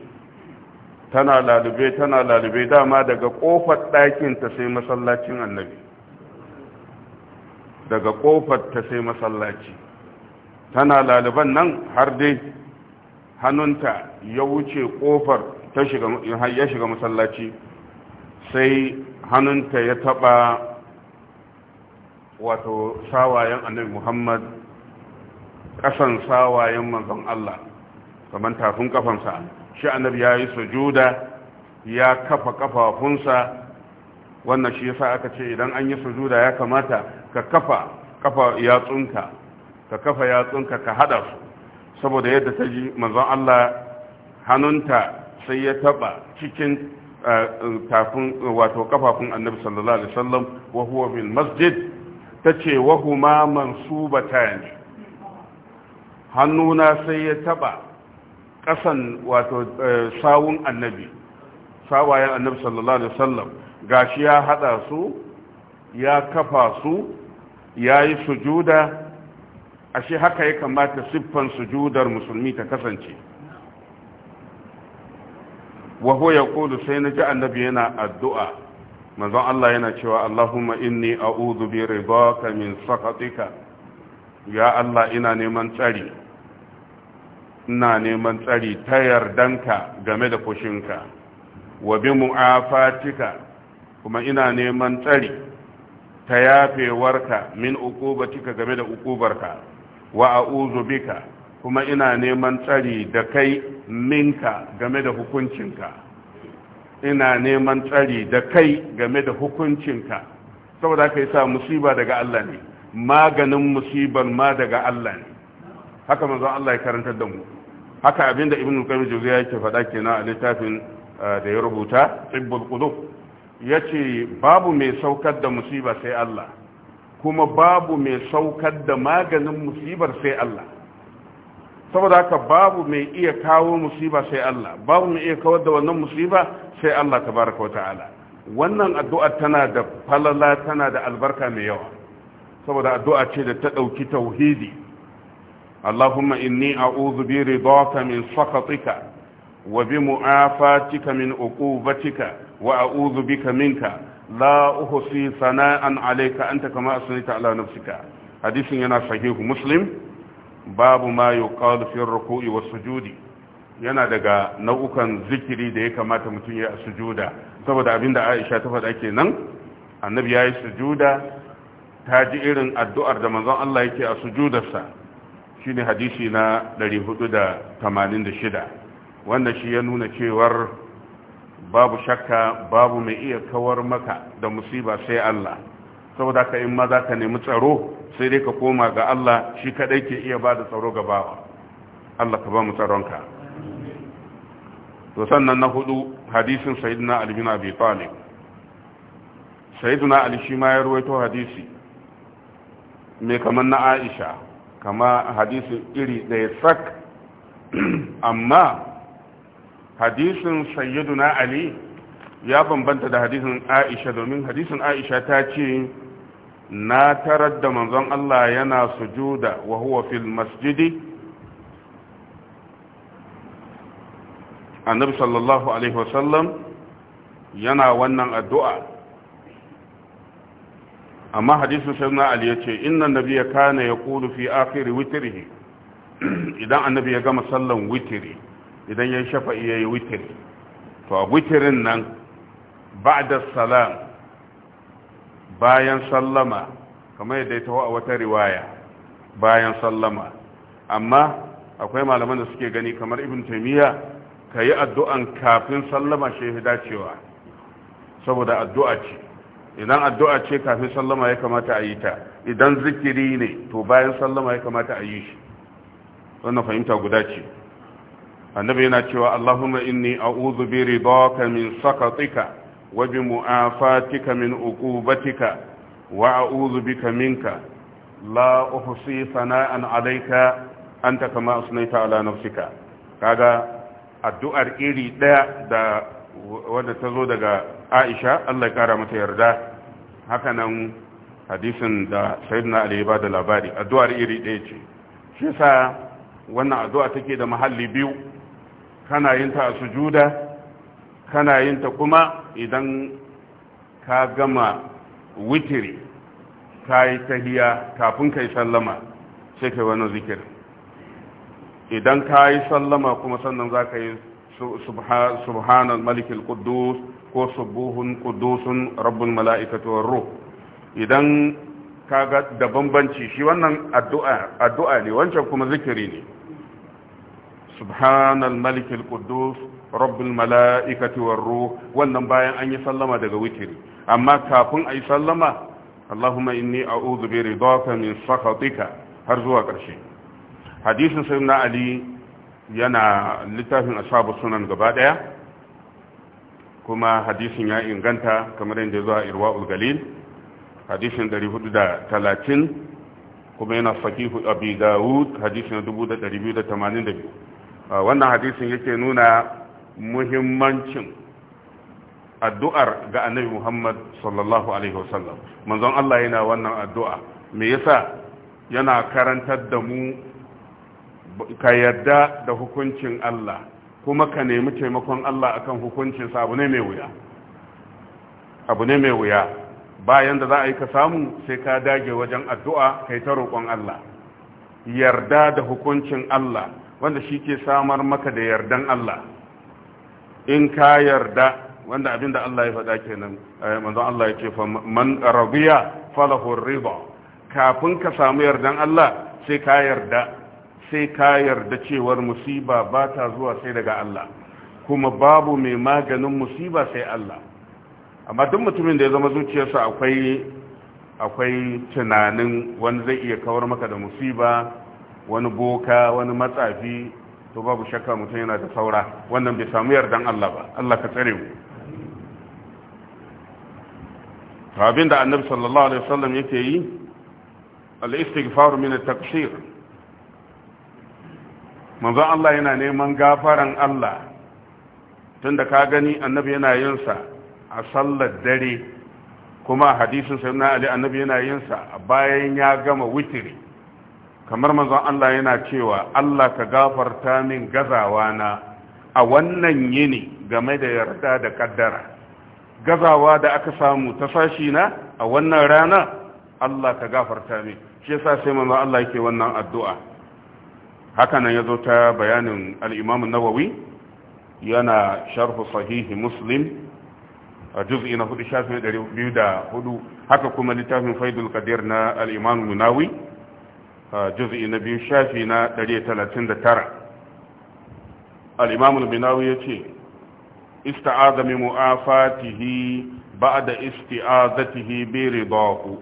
tana lalube tana lalube dama daga kofar ɗakinta sai masallacin annabi daga kofar ta sai masallaci tana laliban nan har dai hannunta ya wuce ƙofar ya shiga masallaci sai hannunta ya taɓa wato sawayen annabi muhammad kasan sawayen manzon Allah kamar tafin kafansa shi annabi ya yi sujuda ya kafa kafafunsa wannan shi yasa aka ce idan an yi sujuda ya kamata ka kafa kafa yatsunka ka kafa yatsunka ka hada su saboda yadda ta ji manzon Allah hannunta sai ya taba cikin eh, tafin wato kafafun annabi sallallahu alaihi wasallam wa huwa bil masjid tace wa huma mansubatan hannuna sai ya taba kasan wato eh, sawun annabi sawayen annabi sallallahu alaihi wasallam gashi ya hada su ya kafa su ya yi sujuda ashe haka ya kamata siffan sujudar musulmi ta kasance waho ya kulu sai na ji annabi yana addu'a manzon Allah yana cewa Allahumma inni a'udhu bi ridaka min sakhatika ya Allah ina neman tsari ina neman tsari ta yardanka game da fushinka wa bi mu'afatika kuma ina neman tsari ta yafewarka min uqubatika game da uqubarka wa a'udhu bika kuma ina neman tsari da kai minka game da hukuncinka ina neman tsari da kai game da hukuncinka saboda kai sa musiba daga Allah ne maganin musibar ma daga Allah ne haka manzo Allah ya karanta da mu haka abinda ibn qayyim jawziya yake faɗa kenan a littafin eh, da ya rubuta tibbul qulub yace babu mai saukar da musiba sai Allah kuma babu mai saukar da maganin musibar sai Allah saboda haka babu mai iya kawo musiba sai Allah babu mai iya kawar da wannan musiba sai Allah tabaraka Wata'ala. wannan addu'a tana da falala tana da albarka mai yawa saboda addu'a ce da ta dauki tauhidi اللهم إني أعوذ برضاك من سخطك وبمعافاتك من عقوبتك وأعوذ بك منك لا أحصي ثناء عليك أنت كما أثنيت على نفسك حديث ينا صحيح مسلم باب ما يقال في الركوع والسجود yana daga nau'ukan zikiri da ya kamata mutum ya sujuda saboda abinda Aisha ta faɗa kenan annabi yayi sujuda ta ji irin addu'ar da manzon Allah yake a sujudarsa shine hadisi na 486 wanda shi ya nuna cewar babu shakka babu mai iya kawar maka da musiba sai Allah saboda ka in ma za ka nemi tsaro sai dai ka koma ga Allah shi kadai ke iya ba da tsaro ga bawa Allah ka ba mu tsaronka to sannan na hudu hadisin sayyidina Ali bin Abi Talib sayyidina Ali shi ma ya ruwaito hadisi mai kamar na Aisha kama hadisin iri ɗaya sak amma hadisin sayyiduna ali ya bambanta da hadisin aisha domin hadisin aisha ta ce na tarar da manzon Allah yana sujuda wa huwa fil masjidi annabi sallallahu alaihi wasallam yana wannan addu'a amma hadisin sayyidina ali yace inna nabiyya kana yaqulu fi akhir witrihi idan annabi ya gama sallan witri idan ya shafa'i yayi witri to a witrin nan ba'da salam bayan sallama kamar yadda ya a wata riwaya bayan sallama amma akwai malaman da suke gani kamar ibn taymiya kayi addu'an kafin sallama shehi dacewa saboda addu'a ce idan addu'a ce kafin sallama ya kamata a yi ta idan zikiri ne to bayan sallama ya kamata a yi shi wannan fahimta guda ce annabi yana cewa allahumma inni a'udhu bi ridaka min sakatika wa bi mu'afatika min uqubatika wa a'udhu bika minka la uhsi sana'an alayka anta kama asnaita ala nafsika kaga addu'ar iri daya da wanda ta zo daga aisha allah ya kara mata yarda haka nan hadisin da sayyidina ali ba da labari addu'ar iri ɗaya ce shi sa wannan addu'a take da mahalli biyu kana yin ta a sujuda kana yin ta kuma idan ka gama witiri ka yi tahiya kafin ka yi sallama sai ka yi wani zikir idan ka yi sallama kuma sannan za ka yi subhanan malikul kudus ko subuhun kudusun rabbul mala'ikatu war ruh idan kaga da bambanci shi wannan addu'a addu'a ne wancan kuma zikiri ne subhanal malik al qudus rabbul mala'ikati war ruh wannan bayan an yi sallama daga wikiri amma kafin ayi sallama allahumma inni a'udhu bi ridaka min sakhatika har zuwa ƙarshe hadisin sayyidina ali yana littafin ashabu sunan gaba daya kuma hadisin ya inganta kamar yadda zuwa irwa ulgalil hadisin 430 kuma yana fakihu abu dawud hadisin 2282 wannan hadisin yake nuna muhimmancin addu'ar ga annabi muhammad sallallahu alaihi wasallam manzon Allah yana wannan addu'a me yasa yana karantar da mu ka yadda da hukuncin Allah kuma ka nemi taimakon Allah akan hukuncinsa abu ne mai wuya abu ne mai wuya bayan da za a yi ka samu sai ka dage wajen addu'a kai ta roƙon Allah yarda da hukuncin Allah wanda shi ke samar maka da yardan Allah in ka yarda wanda abin da Allah ya faɗa ke nan, eh, manzon Allah ya ce man rabiya falahun riba kafin ka samu yardan Allah sai ka yarda sai ka yarda cewar musiba ba ta zuwa sai daga Allah kuma babu mai maganin musiba sai Allah amma duk mutumin da ya zama zuciyarsa akwai akwai tunanin wani zai iya kawar maka da musiba wani boka wani matsafi to babu shakka mutum yana da saura wannan bai samu yardan Allah ba Allah ka tsare mu abin da annabi sallallahu alaihi wasallam yake yi al-istighfar min at-taqsir manzon Allah yana neman gafaran Allah tunda ka gani annabi yana yin sa a sallar dare kuma hadisin sayyidina Ali annabi yana yinsa a bayan ya gama witiri kamar manzon Allah yana cewa Allah ka gafarta min gazawa na a wannan yini game da yarda da kaddara gazawa da aka samu ta sashi na a wannan rana Allah ka gafarta min shi yasa sai manzon Allah yake wannan addu'a hakanan ya zo ta bayanin al'imamun nawawi yana sharhu sahihi muslim a juz'i na hudu shafin ɗari biyu da hudu haka kuma littafin faidul kadir na al'imamun munawi a juz'i na biyu shafi na ɗari talatin da tara al'imamun munawi ya ce ista'aza min mu'afatihi ba'da isti'azatihi bi ridahu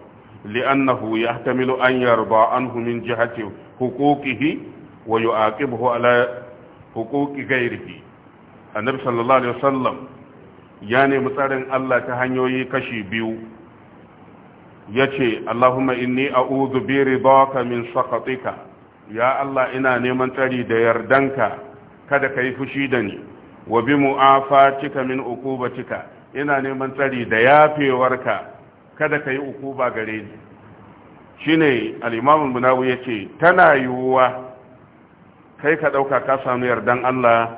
li'annahu yahtamilu an yarda anhu min jihati huquqihi wa yu'aqibuhu ala huquqi ghairihi annabi sallallahu alaihi wasallam ya nemi tsarin Allah ta hanyoyi kashi biyu yace Allahumma inni a'udhu bi ridaka min saqatika ya Allah ina neman tsari da yardanka kada kai fushi da ni wa bi mu'afatika min uqubatika ina neman tsari da yafewarka kada kai ukuba gare ni shine al-imam an-nawawi yace tana yiwuwa kai ka ɗauka ka samu yardan Allah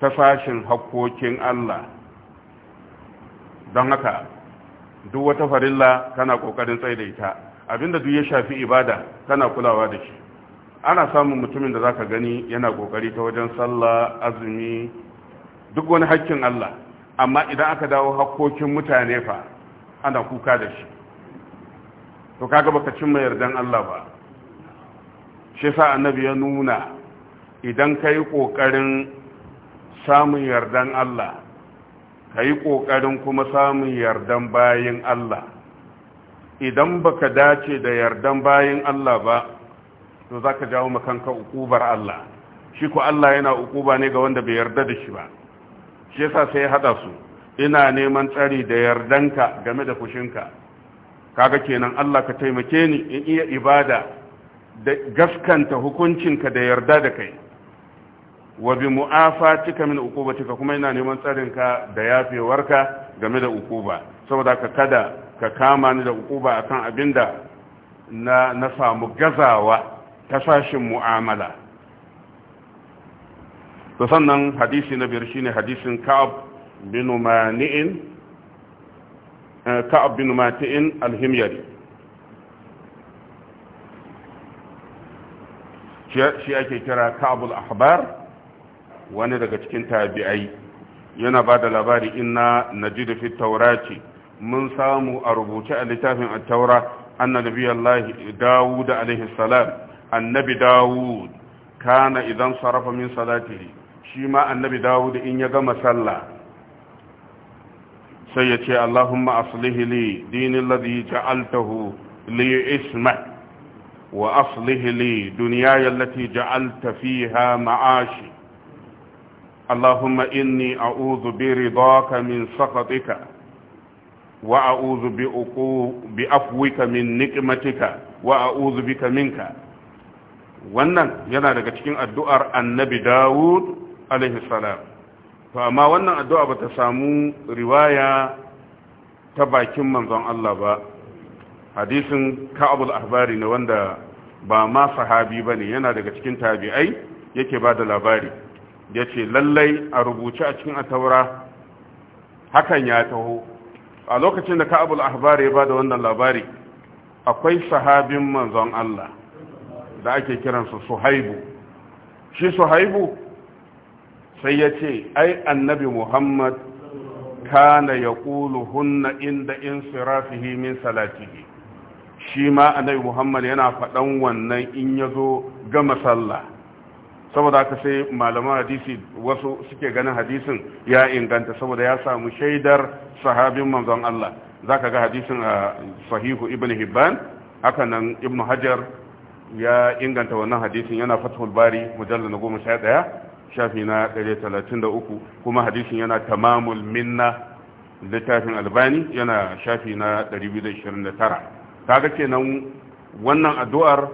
ta fashin hakkokin Allah don haka duk wata farilla kana ƙoƙarin tsaidaita abinda duk ya shafi ibada kana kulawa da shi ana samun mutumin da za ka gani yana ƙoƙari ta wajen sallah azumi duk wani hakkin Allah amma idan aka dawo hakkokin mutane fa ana kuka da shi to kaga baka cimma yardan Allah ba shi sa annabi ya nuna idan ka yi ƙoƙarin samun yardan Allah ka yi ƙoƙarin kuma samun yardan bayin Allah idan ba ka dace da yardan bayan Allah ba to za ka jawo makanka ukubar Allah shi ko Allah yana ukuba ne ga wanda bai yarda da shi ba shi yasa sai haɗa su ina neman tsari da yardanka game da fushinka kaga kenan Allah ka taimake ni in iya ibada da gaskanta hukuncinka da yarda da kai wa bi mu'afatika min cika kuma ina neman tsarinka da yafewarka game da ukuba, saboda ka kada ka kama ni da uquba akan abinda na na samu gazawa ta sashin mu'amala to sannan hadisi na biyar shine hadisin Ka'ab bin Mani'in eh, Ka'ab bin Mati'in al shi ake kira kabul ahbar wani daga cikin tabi'ai yana ba da labari inna najidu fi taurati mun samu a rubuce a littafin a taura anna nabiyallahi dawud salam annabi dawud kana idan sarrafa min salati shi ma annabi dawud in ya gama sallah sai ya ce allahumma aslih li dinin ladhi ja'altahu li isma وأصلح لي دنياي التي جعلت فيها معاشي اللهم إني أعوذ برضاك من سخطك وأعوذ بأفوك من نقمتك وأعوذ بك منك wannan yana daga cikin addu'ar annabi Dawud salam to amma wannan addu'a ba ta samu riwaya ta bakin manzon Allah ba hadisin ka'abul ahbari ne wanda ba ma sahabi ba ne yana daga cikin tabi'ai yake ba da labari ya lallai a rubuce a cikin ataura hakan ya taho a lokacin da ka'abul ahbari ya bada wannan labari akwai sahabin manzon Allah da ake kiransa suhaibu shi suhaibu sai ya ce ai annabi muhammad kana ya ƙulu hunna inda in sirafihi min salatihi shi ma annabi muhammad yana faɗan wannan in ya zo gama sallah saboda aka sai malaman hadisi wasu suke ganin hadisin ya inganta saboda ya samu shaidar sahabin manzon Allah zaka ga hadisin a sahihu ibn hibban haka nan ibn hajar ya inganta wannan hadisin yana fathul bari mujallal ɗaya shafi na 133 kuma hadisin yana tamamul minna littafin albani yana shafi na 229 kaga kenan wannan addu'ar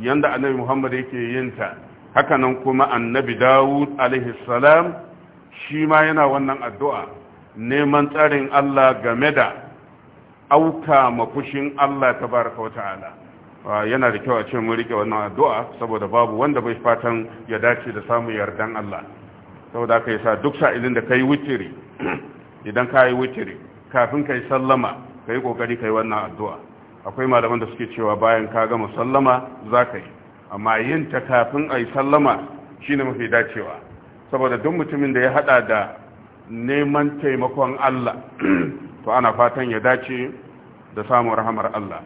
yanda annabi Muhammad yake yin ta haka kuma annabi Dawud alaihi salam shi ma yana wannan addu'a neman tsarin Allah game da auka makushin Allah tabaraka wa ta'ala ah, yana da kyau a ce mun rike wannan addu'a saboda babu wanda bai fatan ya dace da samun yardan Allah saboda aka yi sa duk sa'ilin da kai witiri idan ka yi kafin kai sallama ka yi kai ka yi wannan addu'a akwai malaman da suke cewa bayan ka gama sallama za ka yi amma yin ta kafin a yi sallama shi ne mafi dacewa saboda duk mutumin da ya hada da neman taimakon Allah to ana fatan ya dace da samun rahamar Allah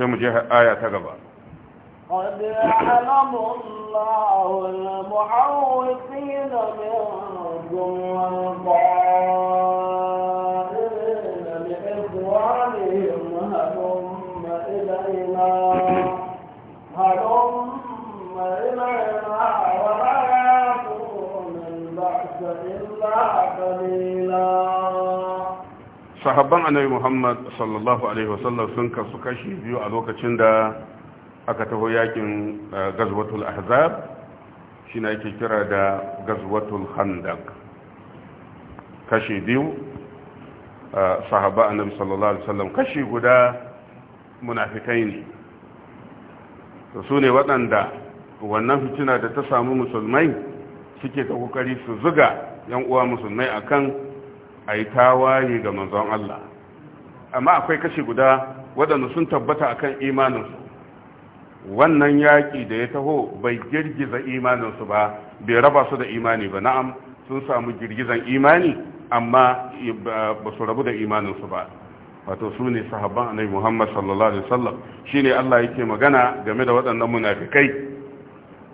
sai mu je aya ta gaba sahabban annabi muhammad sallallahu alaihi wasallam sun kasu kashi biyu a lokacin da aka taho yakin eh, gazwatul ahzab shi na yake kira da gazwatul khandaq kashi biyu eh, sahabba annabi sallallahu alaihi wasallam kashi guda munafikai ne su ne waɗanda wannan fitina da ta samu musulmai suke da kokari su zuga yan uwa musulmai akan a yi tawaye ga manzon Allah amma akwai kashi guda waɗanda sun tabbata akan imaninsu wannan yaƙi da ya taho bai girgiza imaninsu ba bai raba su da imani ba na'am sun samu girgizan imani amma ba su rabu da imaninsu ba wato su ne sahabban annabi Muhammad sallallahu alaihi wasallam shine Allah yake magana game da waɗannan munafikai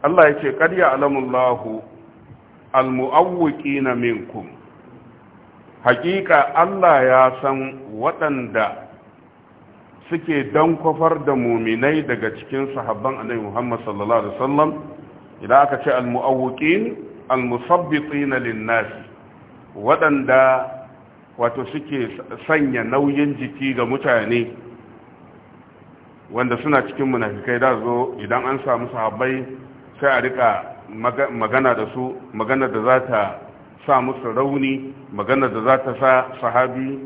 Allah yake qad ya'lamu Allahu almu'awwiqina minku haƙiƙa Allah ya san waɗanda suke dan da muminai daga cikin sahabban annabi Muhammad sallallahu alaihi wasallam idan aka ce almu'awwiqin almusabbitina linnas waɗanda wato suke sanya nauyin jiki ga mutane wanda suna cikin munafikai da zo idan an samu sahabai sai a riƙa. magana da su magana da za ta sa musu rauni magana da za ta sa sahabi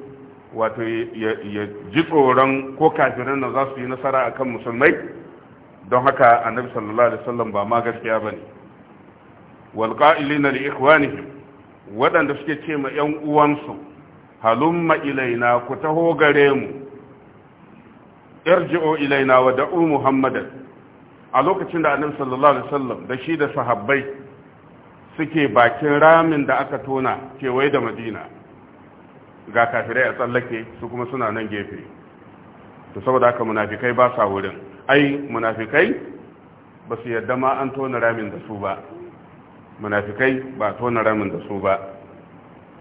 wato ya ji tsoron ko kafiran na za su yi nasara akan musulmai don haka annabi sallallahu alaihi wasallam ba ma gaskiya bane wal da li ikhwanihim waɗanda suke ce ma yan uwansu halumma ilaina ku taho gare mu irji'u ilaina wa da'u muhammadan a lokacin da annabi sallallahu alaihi wasallam da shi da sahabbai suke bakin ramin da aka tona kewaye da madina ga kafirai a tsallake su kuma suna nan gefe to saboda haka munafikai ba sa wurin ai munafikai ba su yadda ma an tona ramin da su ba munafikai ba tona ramin da su ba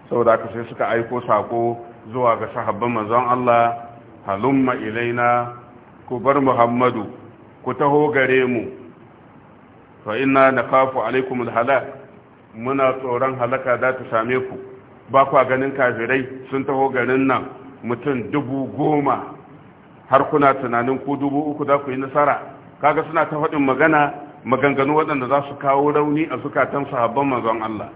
saboda haka sai suka aiko sako zuwa ga sahabban manzon Allah halumma ilaina ku bar muhammadu ku taho gare mu fa inna nakhafu alaikum alhalak muna tsoron halaka za ta same ku ba kwa ganin kafirai sun taho garin nan mutum dubu goma har kuna tunanin ku dubu uku za ku yi nasara kaga suna ta faɗin magana maganganu waɗanda za su kawo rauni a zukatan sahabban manzon Allah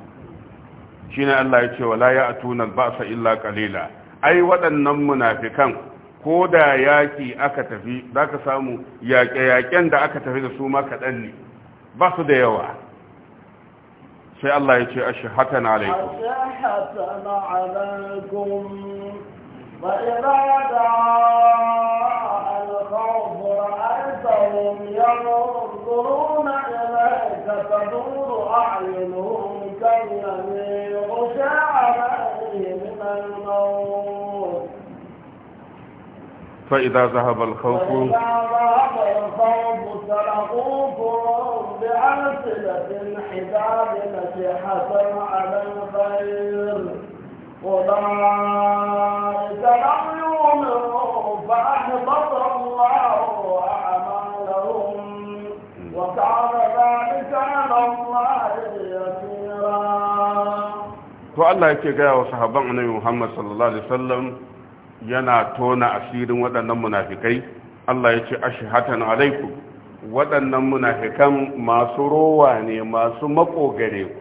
shine Allah ya ce wala tunan ba basa illa qalila ai waɗannan munafikan ko da yaƙi aka tafi za ka samu yaƙe-yaƙen da aka tafi da su ma kaɗan ne ba su da yawa sai Allah ya ce a shahatan alaikum وإذا أعينهم كالذي غشى عليه من الموت فإذا ذهب الخوف سلقوكم بألسنة حجاب نصيحة على الخير أولئك الله أعمالهم وكان ذلك على الله يسيرا. To Allah yake gaya wa sahaban annabi Muhammad sallallahu yana tona asirin waɗannan munafikai Allah ya ce ashhatan alaiku waɗannan munafikan masu rowa ne masu mako gare ku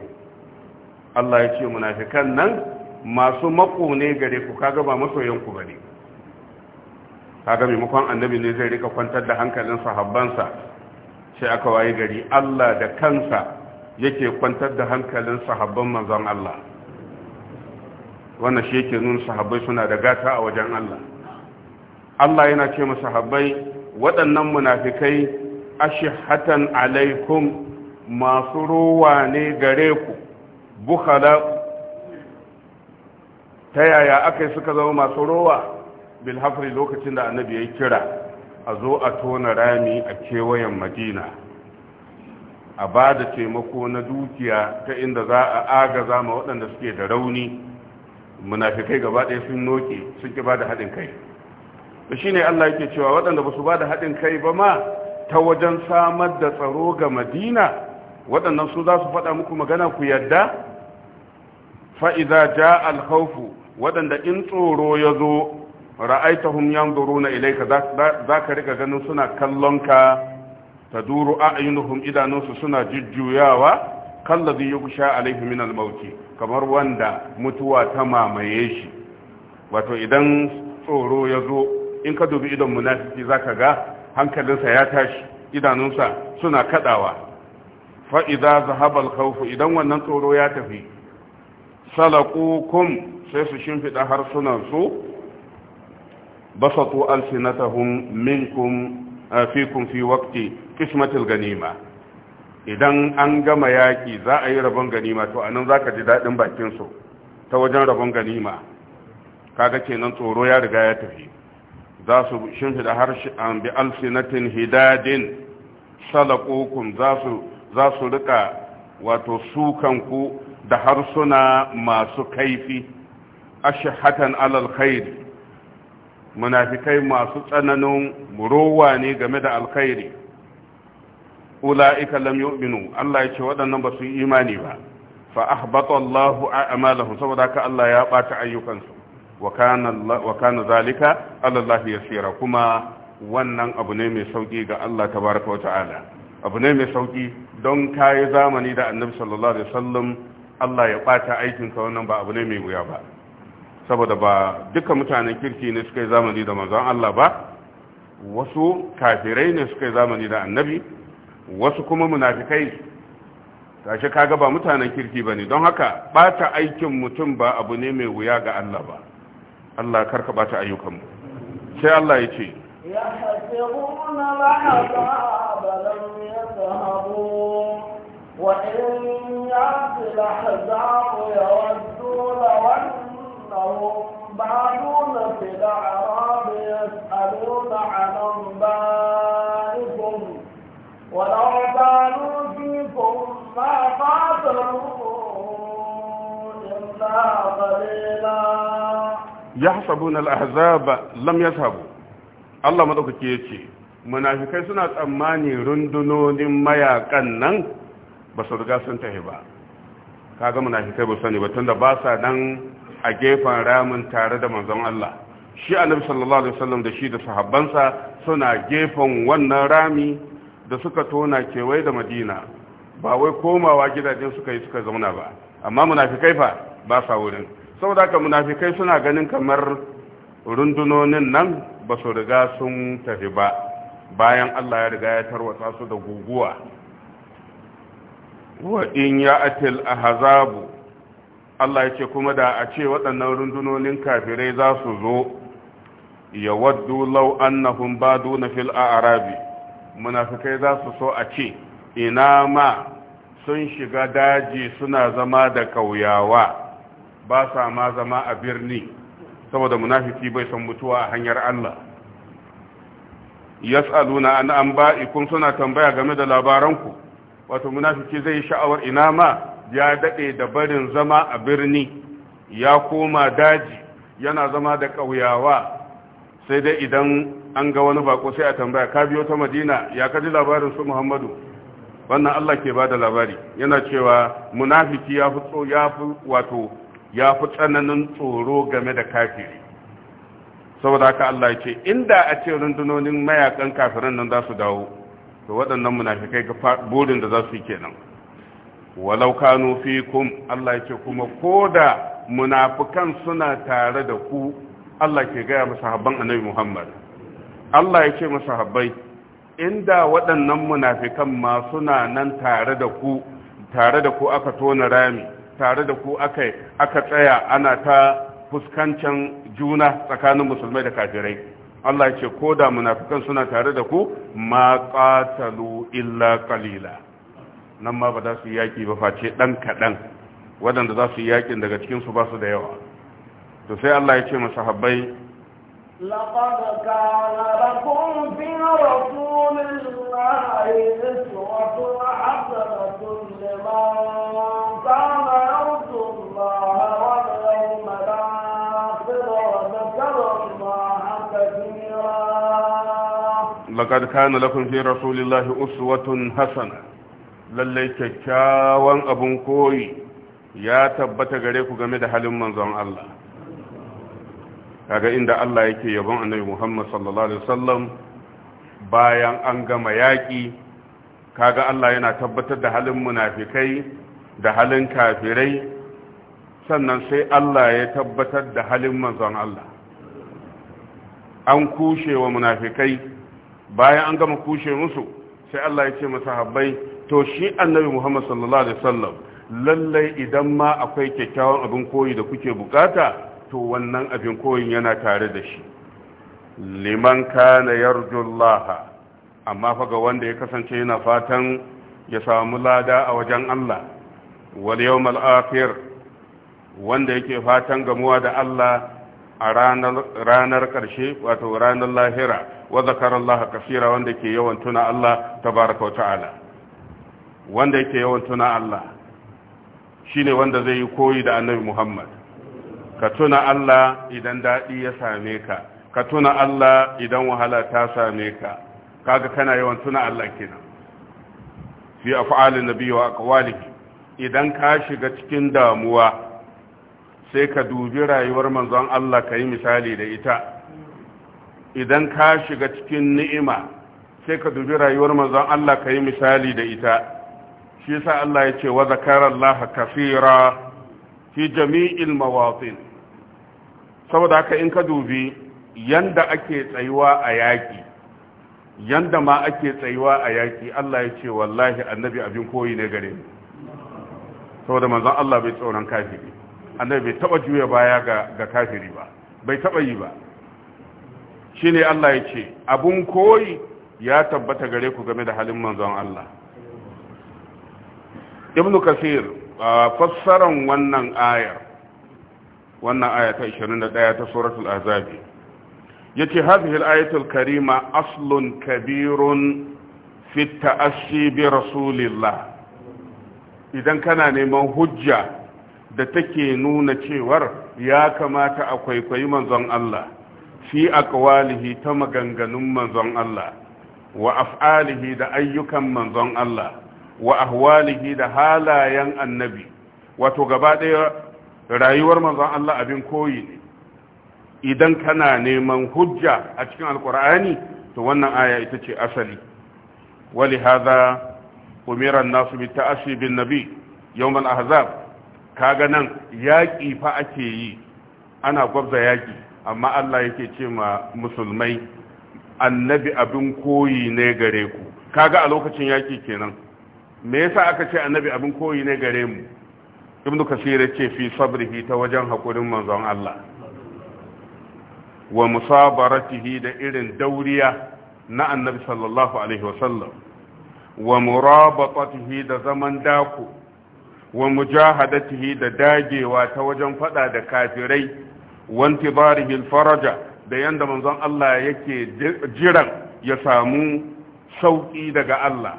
Allah ya ce munafikan nan masu mako ne gare ku kaga ba masoyanku bane kaga maimakon annabi ne zai rika kwantar da hankalin sahabbansa sai aka waye gari Allah da kansa yake kwantar da hankalin sahabban manzon Allah wannan shi yake nuna sahabbai suna da gata a wajen Allah Allah yana ce masa sahabbai waɗannan munafikai ashihatan alaikum masu ruwa ne gare ku bukhala ta yaya aka yi suka zama masu ruwa bilhafri lokacin da annabi ya kira a zo a tona rami a kewayen madina a ba da taimako na dukiya ta inda za a agaza ma waɗanda suke da rauni munafikai gaba ɗaya sun noke sun ki bada haɗin kai to shine Allah yake cewa waɗanda ba su bada haɗin kai ba ma ta wajen samar da tsaro ga Madina waɗannan su za su faɗa muku magana ku yadda fa'iza ja alkhawfu waɗanda in tsoro ya zo zoro na ilaika za ka riga ganin suna kallonka taduru a'yunuhum idanunsu suna jujjuyawa kallazi yughsha alaihi min al-mauti kamar wanda mutuwa ta mamaye shi wato idan tsoro ya zo in ka dubi idon munafiki zaka ga hankalinsa ya tashi idanunsa suna kadawa Fa'ida idza zahaba idan wannan tsoro ya tafi salaqukum sai su shimfiɗa harsunan su basatu alsinatahum minkum eh, fikum fi wakti qismatil ganima idan an gama yaƙi za a yi rabon ganima to anan za ka ji daɗin bakin su ta wajen rabon ganima kaga kenan tsoro ya riga ya tafi za su shimfida harshe an bi alsinatin hidadin salakokun za su rika wato ku da harsuna masu kaifi ashahatan alal khairi munafikai masu tsananin murowa ne game da alkhairi ula'ika lam yu'minu Allah ya ce waɗannan ba su yi imani ba fa ahbata Allahu a'malahum saboda ka Allah ya bata ayyukansu wa kana wa kana zalika ala Allah yasira kuma wannan abu ne mai sauki ga Allah tabaraka wata'ala abu ne mai sauki don kai zamani da Annabi sallallahu alaihi wasallam Allah ya bata aikin ka wannan ba abu ne mai wuya ba saboda ba duka mutanen kirki ne suka yi zamani da manzon Allah ba wasu kafirai ne suka yi zamani da Annabi wasu kuma munafikai tashi kaga ba mutanen kirki bane don haka bata aikin mutum ba abu ne mai wuya ga Allah ba Allah karka bata ayyukan mu sai Allah ya ce ya hasibuna al-azab lam yatahabu wa in ya'til ahzab yawaddu law annahum ba'duna fil a'rab yas'aluna 'an anba ya hasabu na قليلا يحسبون الأحزاب لم يذهبوا الله ما ya ce. munafikai suna tsammani rundunonin mayakan nan ba su riga sun tahi ba kaga munafikai ba sani ba tunda ba sa nan a gefen ramin tare da manzon Allah shi annabi sallallahu alaihi wasallam da shi da sahabbansa suna gefen wannan rami da suka tona kewai da Madina ba wai komawa gidajen suka yi suka zauna ba amma munafikai fa ba sa wurin saboda haka munafikai suna ganin kamar rundunonin nan ba su riga sun tafi ba bayan Allah ya riga ya tarwatsa su da guguwa wa in ya atil hazabu Allah ya ce kuma da a ce waɗannan rundunonin kafirai za su zo ya waddu law annahum baduna fil a'rabi munafikai za su so a ce ina ma sun shiga daji suna zama da kauyawa ba sa ma zama a birni saboda munafiki bai san mutuwa a hanyar Allah yas'aluna an anba'ikum suna tambaya game da labaranku wato munafiki zai sha'awar ina ma ya dade da barin zama a birni ya koma daji yana zama da kauyawa sai dai idan an ga wani bako sai a tambaya ka biyo ta Madina ya kaji labarin su Muhammadu wannan Allah ke ba da labari yana cewa munafiki ya fi wato ya fi tsananin tsoro game da kafiri saboda haka Allah ce inda a ce rundunonin mayakan kafirin nan za su dawo to waɗannan munafikai ga burin da za su yi kenan walau kanu fikum Allah ya ce kuma ko da munafikan suna tare da ku Allah ke gaya masahabban annabi Muhammad Allah ya ce habbai. inda waɗannan munafikan ma suna nan tare da ku tare da ku aka tona rami tare da ku aka aka tsaya ana ta fuskancin juna tsakanin musulmai da kafirai Allah ya ce ko da munafikan suna tare da ku ma qatalu illa qalila nan ma ba za su yaki ba face dan kadan waɗanda za su yakin daga cikin su ba su da yawa to sai Allah ya ce masahabbai لقد كان لكم في رسول الله أسوة حسنة لمن كان يرجو الله واليوم الآخر وذكر الله كثيرا لقد كان لكم في رسول الله أسوة حسنة lallai kyakkyawan abun koyi ya tabbata gare ku game da halin manzon Allah kaga inda Allah yake yabon annabi Muhammad sallallahu alaihi wasallam bayan an gama yaki kaga Allah yana tabbatar da halin munafikai da halin kafirai sannan sai Allah ya tabbatar da halin manzon Allah an kushe wa munafikai bayan an gama kushe musu sai Allah ya ce masahabbai to shi annabi Muhammad sallallahu alaihi wasallam lallai idan ma akwai kyakkyawan abin koyi da kuke bukata to wannan abin koyin yana tare da shi liman kana yarjullaha amma fa ga wanda ya kasance yana fatan ya samu lada a wajen Allah wal yawmal akhir wanda yake fatan gamuwa da Allah a ranar ranar karshe wato ranar lahira wa zakarallaha kasira, wanda yake yawan tuna Allah tabaraka wa ta'ala wanda yake yawan tuna Allah shine wanda zai yi koyi da Annabi Muhammad ka tuna Allah idan daɗi ya same ka ka tuna Allah idan wahala ta same ka kaga kana yawan tuna Allah kenan fi af'alin nabi wa aqwalihi idan ka shiga cikin damuwa sai ka dubi rayuwar manzon Allah kai misali da ita idan ka shiga cikin ni'ima sai ka dubi rayuwar manzon Allah kai misali da ita shi yasa Allah ya ce wa zakara Allah kaseera fi jami'il mawatin saboda haka in ka dubi yanda ake tsayuwa a yaƙi yanda ma ake tsayuwa a yaƙi Allah ya ce wallahi annabi abin koyi ne gare ni saboda manzon Allah bai tsoron kafiri annabi bai taba juya baya ga ga kafiri ba bai taba yi ba shine Allah ya ce abun koyi ya tabbata gare ku game da halin manzon Allah ibnu kasir fassaran wannan ayar wannan aya ta 21 ta suratul azabi yace hadhihi al-ayatul karima aslun kabirun fi ta'assi bi rasulillah idan kana neman hujja da take nuna cewar ya kamata a kwaikwayi manzon Allah fi aqwalihi ta maganganun manzon Allah wa af'alihi da ayyukan manzon Allah wa ahwalihi da halayen annabi wato gaba ɗaya rayuwar manzon Allah abin koyi ne idan kana neman hujja a cikin alkur'ani to wannan aya ita ce asali wali hadha umira an-nasu bi ta'ashi bin nabi yawm al-ahzab kaga nan yaki fa ake yi ana gwabza yaki amma Allah yake ce ma musulmai annabi abin koyi ne gare ku kaga a lokacin yaki kenan me yasa aka ce annabi abin koyi ne gare mu ibnu kasir yace fi sabrihi ta wajen hakurin manzon Allah wa musabaratihi da irin dauriya na annabi sallallahu alaihi wasallam wa murabatatihi da zaman dako wa mujahadatihi da dagewa ta wajen fada da kafirai wa intibarihi alfaraja da yanda manzon Allah yake jiran ya samu sauki daga Allah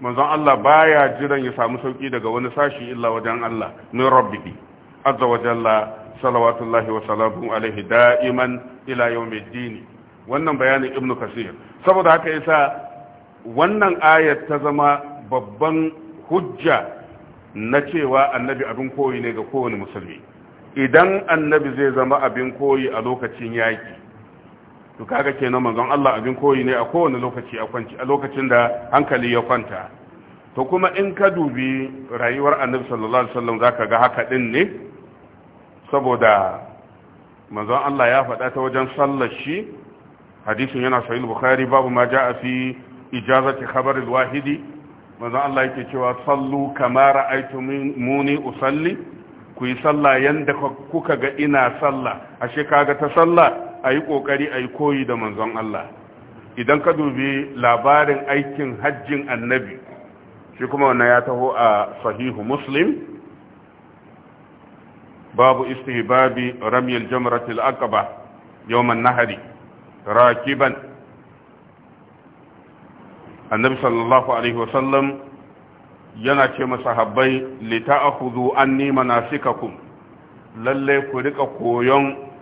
manzon Allah baya jiran ya samu sauki daga wani sashi illa wajen Allah min rabbihi azza wa jalla salawatullahi wa salamu alaihi da'iman ila yawmiddin wannan bayanin ibn kasir saboda haka yasa wannan ayat ta zama babban hujja na cewa annabi abin koyi ne ga kowane musulmi idan annabi zai zama abin koyi a lokacin yaki to kaga kenan manzon Allah abin koyi ne a kowane lokaci a kwanci a lokacin da hankali ya kwanta to kuma in ka dubi rayuwar annabi sallallahu alaihi wasallam zaka ga haka din ne saboda manzon Allah ya faɗa ta wajen sallar shi hadisin yana sahih bukhari babu ma jaa fi ijazati khabar al-wahidi manzon Allah yake cewa sallu kama ra'aytum muni usalli ku yi sallah yanda kuka ga ina sallah ashe kaga ta sallah a yi ƙoƙari a yi koyi da manzon Allah idan ka dubi labarin aikin hajjin annabi shi kuma wannan ya taho a sahihu muslim babu istihbabi ramyal jamratil aqaba yawman nahari rakiban annabi sallallahu alaihi wasallam yana ce masahabbai lita'khudhu anni manasikakum lalle ku rika koyon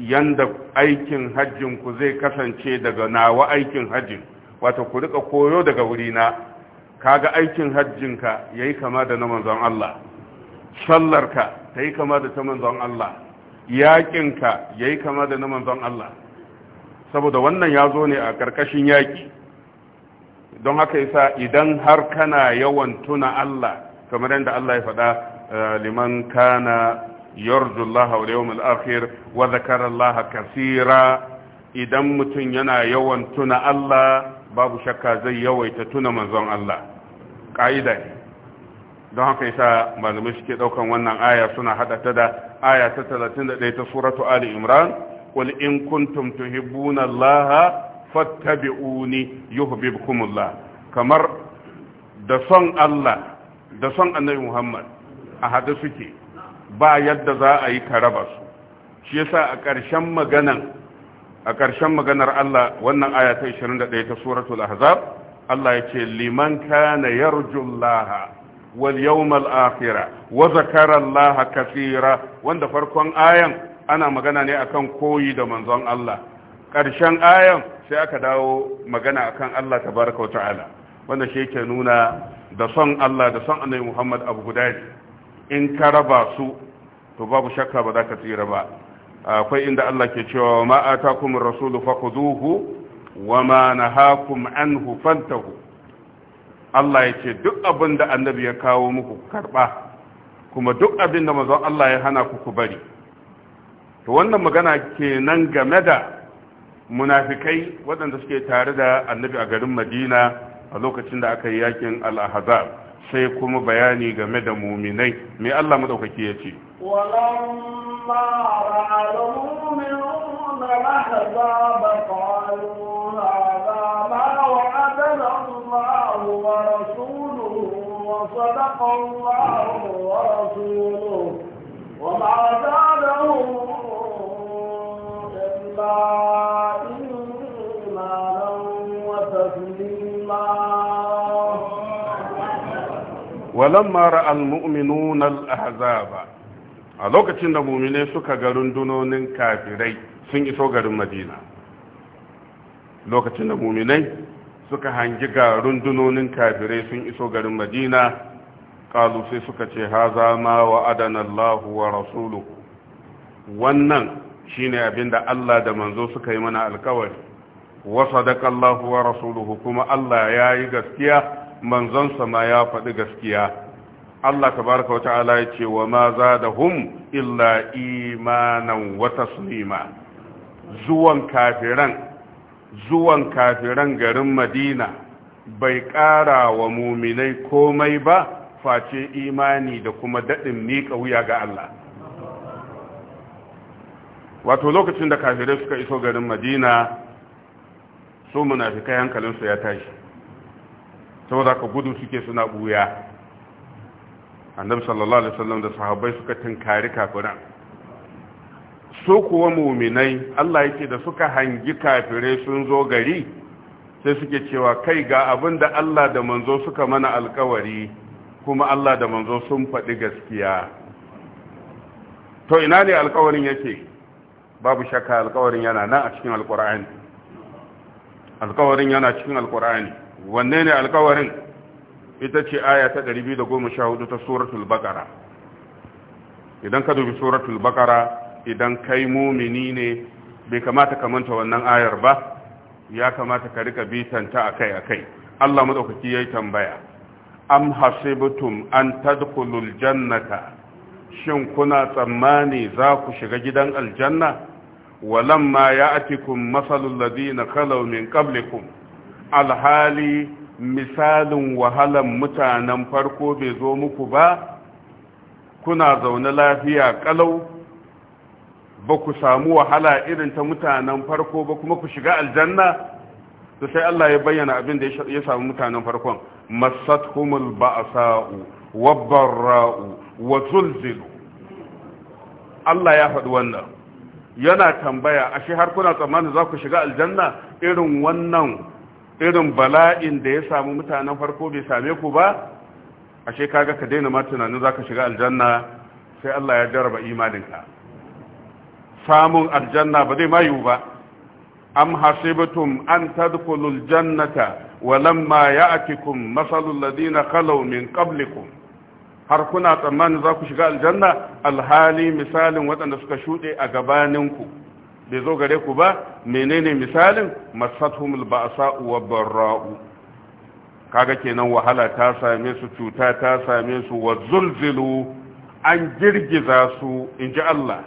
yanda aikin hajjin ku zai kasance daga nawa aikin hajjin wato ku rika koyo daga wurina kaga aikin hajjin ka yayi kama da na manzon Allah sallar ka tayi kama da ta manzon Allah yakin ka yayi kama da na manzon Allah saboda wannan ya zo ne a karkashin yaki don haka yasa idan har kana yawan tuna Allah kamar yadda Allah ya faɗa liman kana yarju Allah wal yawmil akhir wa dhakara Allah kaseera idan mutum yana yawan tuna Allah babu shakka zai yawaita tuna manzon Allah ƙa'ida ne don haka yasa malamai suke ɗaukan wannan aya suna haɗa ta da aya ta 31 ta suratu Ali Imran qul in kuntum tuhibbuna Allah fattabi'uni yuhibbukum Allah kamar da son Allah da son Annabi Muhammad a hada suke ba yadda za a yi karaba su shi yasa a ƙarshen maganan a ƙarshen maganar Allah wannan aya ta 21 ta suratul ahzab Allah ya ce liman kana yarjullaha wal yawmal akhirah wa zakara Allah kaseera wanda farkon ayan ana magana ne akan koyi da manzon Allah ƙarshen ayan sai aka dawo magana akan Allah tabaraka wa ta'ala wanda shi yake nuna da son Allah da son Annabi Muhammad abu guda ne in ka raba su to babu shakka ba za ka tsira ba akwai inda Allah ke cewa ma atakum rasulu fakhuduhu wa ma nahakum anhu fantahu Allah ya ce duk abin da annabi ya kawo muku karba kuma duk abin da manzon Allah ya hana ku ku bari to wannan magana kenan game da munafikai waɗanda suke tare da annabi a garin madina a lokacin da aka yi yakin al-ahzab sai kuma bayani game da muminai mai Allah madaukaki ya ce walamma ra'al mu'minuna lahzaba qalu hadha ma da Allah wa rasuluhu wa sadaqa Allah wa rasuluhu wa ma zadahum illa walamma ra'al mu'minuna al-ahzaba a lokacin da mu'mine suka ga rundunonin kafirai sun iso garin Madina lokacin da mu'minai suka hangi ga rundunonin kafirai sun iso garin Madina qalu sai suka ce haza ma wa'adana Allah wa rasuluhu wannan shine abinda Allah da manzo suka yi mana alkawari wa sadaqa Allah wa rasuluhu kuma Allah yayi gaskiya manzonsa ma ya faɗi gaskiya Allah tabaraka wa ta'ala ya ce wa ma hum illa imanan wa taslima zuwan kafiran zuwan kafiran garin Madina bai ƙara wa muminai komai ba face imani da kuma daɗin miƙa wuya ga Allah wato lokacin da kafirai suka iso garin Madina su munafikai hankalinsu ya tashi saboda ka gudu suke suna buya annabi sallallahu alaihi wasallam da sahabbai suka tinkari kafiran su kuwa muminai Allah yake da suka hangi kafirai sun zo gari sai suke cewa kai ga abin da Allah da manzo suka mana alkawari kuma Allah da manzo sun faɗi gaskiya to ina ne alkawarin yake babu shakka alkawarin yana nan a cikin alkur'ani alkawarin yana cikin alkur'ani wanne ne alkawarin ita ce aya ta 214 ta suratul baqara idan ka dubi suratul baqara idan kai mumini ne bai kamata ka manta wannan ayar ba ya kamata ka rika bitanta akai-akai Allah madaukaki yayi tambaya am hasibtum an tadkhulul jannata shin kuna tsammani za ku shiga gidan aljanna walamma ya'tikum masalul ladina khalaw min qablikum alhali misalin wahalan mutanen farko bai zo muku ba kuna zaune lafiya kalau ba ku samu wahala irin ta mutanen farko ba kuma ku shiga aljanna da sai Allah ya bayyana abin da ya samu mutanen farkon masathumul ba'sa'u wabbarra'u wa zulzilu Allah ya faɗi wannan yana tambaya ashe har kuna tsammanin za ku shiga aljanna irin wannan irin bala'in da ya samu mutanen farko bai same ku ba ashe shekaga ka daina ma tunanin zaka shiga aljanna sai Allah ya jarraba imaninka samun aljanna ba zai mayu ba am hasibatum an tadkhulul jannata walamma ya'tikum masalul ladina khalaw min qablikum har kuna tsammanin za ku shiga aljanna alhali misalin waɗanda suka shuɗe a gabaninku ku bai zo gare ku ba menene misalin masathumul ba'sa wa barra'u kaga kenan wahala ta same su cuta ta same su wa zulzilu an girgiza su in ji Allah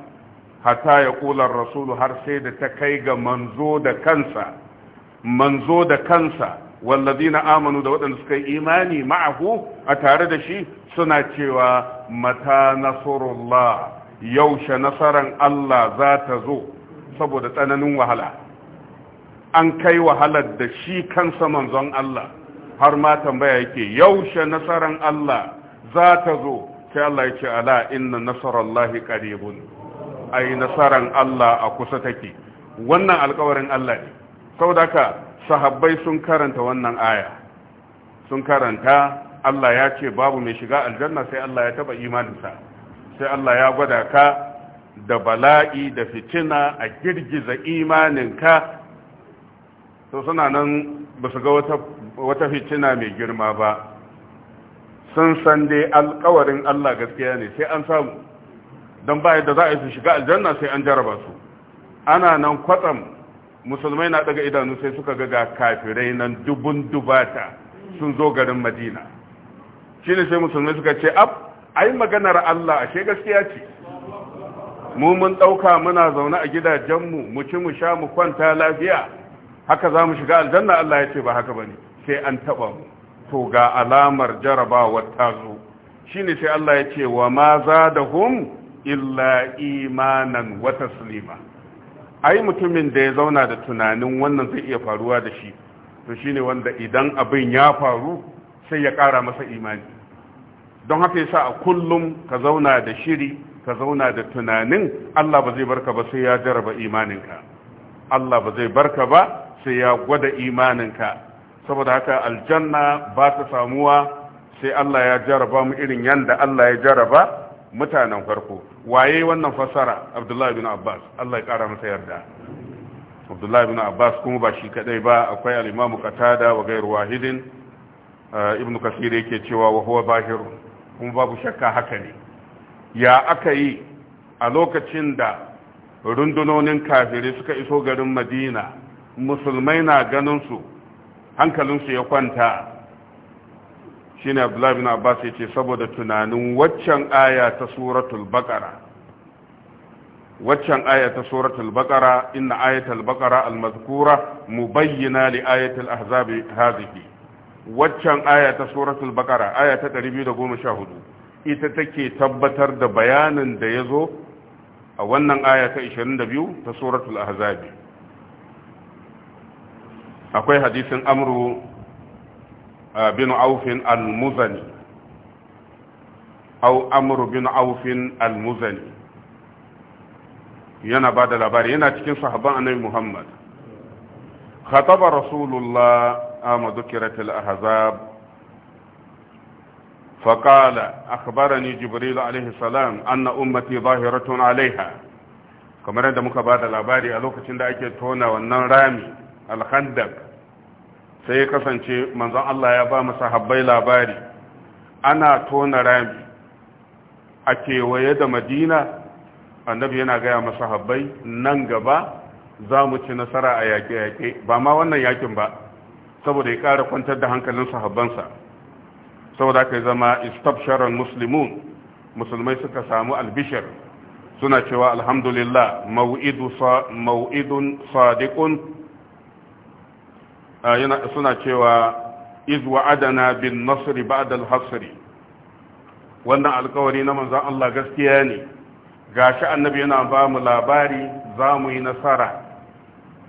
hatta ya kula rasulu har sai da ta kai ga manzo da kansa manzo da kansa wallazina amanu da waɗanda suka yi imani ma'ahu a tare da shi suna cewa mata nasrullah yaushe nasaran Allah za ta zo saboda tsananin wahala an kai wahalar da shi kansa manzon Allah har ma tambaya yake yaushe nasaran Allah za ta zo sai Allah ya ce ala inna nasarallahi qaribun ai nasaran Allah a kusa take wannan alkawarin Allah ne saboda sahabbai sun karanta wannan aya sun karanta Allah ya ce babu mai shiga aljanna sai Allah ya taba imaninsa sai Allah ya gwada ka da bala'i da fitina a girgiza imaninka to suna nan ba su ga wata fitina mai girma ba sun san dai alkawarin Allah gaskiya ne sai an samu don ba yadda za a yi su shiga aljanna sai an jaraba su ana nan kwatsam musulmai na daga idanu sai suka ga kafirai nan dubun dubata sun zo garin madina Shi ne sai musulmai suka ce ab ai maganar Allah ashe gaskiya ce mu mun ɗauka muna zaune a gidajenmu mu ci mu sha mu kwanta lafiya haka za mu shiga aljanna Allah ya ce ba haka ba ne sai an taɓa mu to ga alamar jarabawar ta zo shi ne sai Allah ya ce wa ma za da hun illa imanan wa taslima ai mutumin da ya zauna da tunanin wannan zai iya faruwa da shi to shi ne wanda idan abin ya faru sai ya ƙara masa imani don haka yasa a kullum ka zauna da shiri ka zauna da tunanin Allah ba zai barka ba sai ya jaraba imaninka Allah ba zai barka ba sai ya gwada imaninka saboda haka aljanna ba ta samuwa sai Allah ya jaraba mu irin yanda Allah ya jaraba mutanen farko waye wannan fasara Abdullahi bin Abbas Allah ya kara masa yarda Abdullahi bin Abbas kuma ba shi kadai ba akwai al-Imam Qatada wa ghayr wahidin uh, Ibn Kathir yake cewa wa huwa bahir kuma babu shakka haka ne ya aka yi a lokacin da rundunonin kafiri suka iso garin madina musulmai na ganinsu hankalinsu ya kwanta shi ne abdullahi bin abbas ya ce saboda tunanin waccan aya ta suratul baqara waccan aya ta suratul baqara inna ayatul baqara almazkura mubayyana li ayatil ahzabi hadhihi waccan aya ta suratul baqara aya ta 214 ita take tabbatar da bayanin da ya zo a wannan aya ta 22 ta suratul ahzabi akwai hadisin amru ah, bin aufin al-muzani au amru bin aufin al-muzani yana ba da labari yana cikin sahabban annabi muhammad khataba rasulullah a ah, madukiratul ahzab فقال أخبرني جبريل عليه السلام أن أمتي ظاهرة عليها كما رأينا مكبات الأباري ألوك تند أكي تونا والنرامي الخندق سيكسن منظر الله يبا مسحبي الأباري أنا تونا رامي أكي ويد مدينة النبي أنا قايا مسحبي ننقبا za mu ci nasara a yaƙe-yaƙe ba ma wannan yakin ba saboda ya ƙara kwantar da hankalin sahabbansa saboda ka zama istabsharan muslimun musulmai suka samu albishir suna cewa alhamdulillah mau'idun sadiqun ah, suna cewa iz wa'adana bin nasri ba'da al-hasri wannan alkawari na manzon Allah gaskiya ne gashi annabi yana ba mu labari za mu yi nasara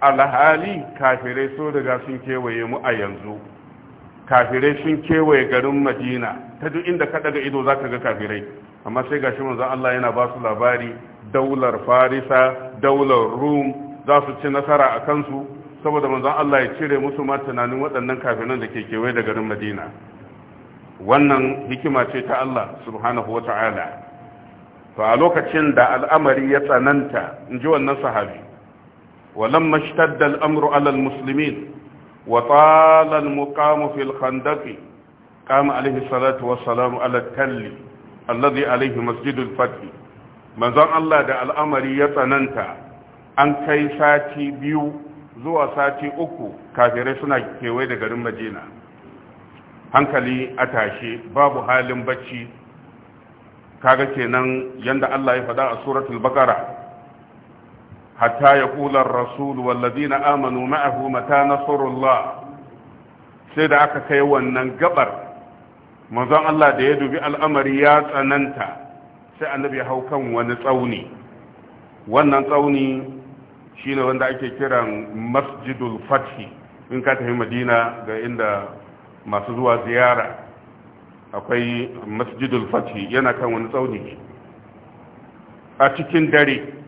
alhali kafirai so daga sun kewaye mu a yanzu kafirai sun kewaye garin madina ta duk inda ka daga ido za ka ga kafirai amma sai ga shi Allah yana ba su labari daular farisa daular rum za su ci nasara a kansu saboda manzon Allah ya cire musu ma tunanin waɗannan kafinan da ke kewaye da garin madina wannan hikima ce ta Allah subhanahu wata'ala to a lokacin da al'amari ya tsananta in ji wannan sahabi walamma shtadda al'amru alal muslimin وطال المقام في الخندق قام عليه الصلاة والسلام على التل الذي عليه مسجد الفتح manzon Allah da al'amari ya tsananta an kai sati biyu zuwa sati uku kafirai suna kewaye da garin Madina hankali a tashe babu halin barci, kaga kenan yadda Allah ya faɗa a suratul bakara. hatta ya kula rasul wallazina amanu ma'ahu mata nasrullah sai da aka kai wannan gaɓar manzon Allah da ya dubi al'amari ya tsananta sai annabi ya hau kan wani tsauni wannan tsauni shine wanda ake kiran masjidul fathi in ka tafi madina ga inda masu zuwa ziyara akwai masjidul fathi yana kan wani tsauni a cikin dare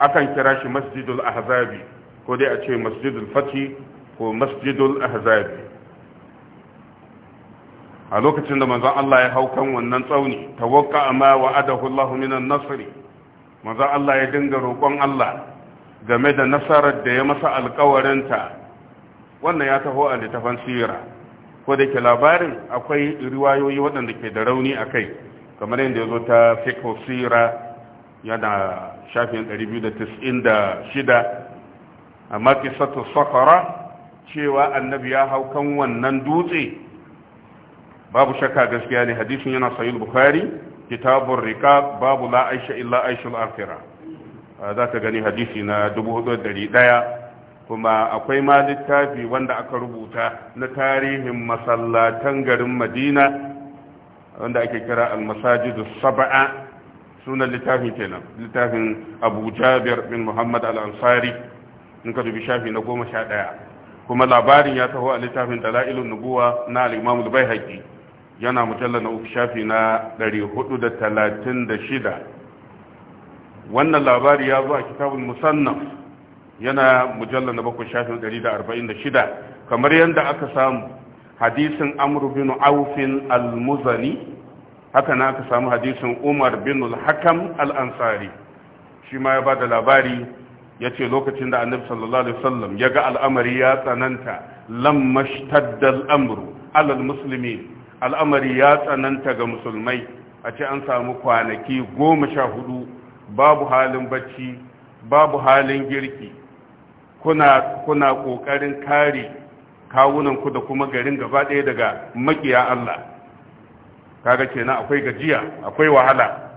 akan kira shi masjidul ahzabi ko dai a ce masjidul fati ko masjidul ahzabi a lokacin da manzon Allah ya hau kan wannan tsauni tawakka ma adahu Allah minan nasri manzon Allah ya dinga roƙon Allah game da nasarar da ya masa ta wannan ya taho a littafan sira ko da ke labarin akwai riwayoyi waɗanda ke da rauni a kai kamar yadda ya zo ta fiqh sira yana shafin 296 amma kisatu sakara cewa annabi ya hau kan wannan dutse babu shakka gaskiya ne hadisin yana sahih bukhari kitabun rika babu la aisha illa aishul akhirah ah, za ta gani hadisi na ɗaya kuma akwai ma littafi wanda aka rubuta na tarihin masallatan garin madina wanda ake kira almasajidu saba'a sunan littafin kenan littafin abu jabir bin muhammad al-ansari in ka dubi shafi na goma sha ɗaya kuma labarin ya taho a littafin dala'ilun nubuwa na al-imam bai baihaqi yana mujalla na uku shafi na 436 wannan labari ya zo a kitabul musannaf yana mujalla na bakwai shafin 146 kamar yadda aka samu hadisin amr bin aufin al-muzani haka na aka samu hadisin umar bin al-hakam al-ansari shi ma ya ba da labari ya ce lokacin da annabi sallallahu alaihi wasallam ya ga al'amari ya tsananta lammashtadda al'amru alal musulmi al'amari ya tsananta ga musulmai a ce an samu kwanaki goma sha hudu babu halin bacci babu halin girki kuna kuna ƙoƙarin kare kawunanku da kuma garin gaba ɗaya daga makiya Allah kaga kenan akwai gajiya akwai wahala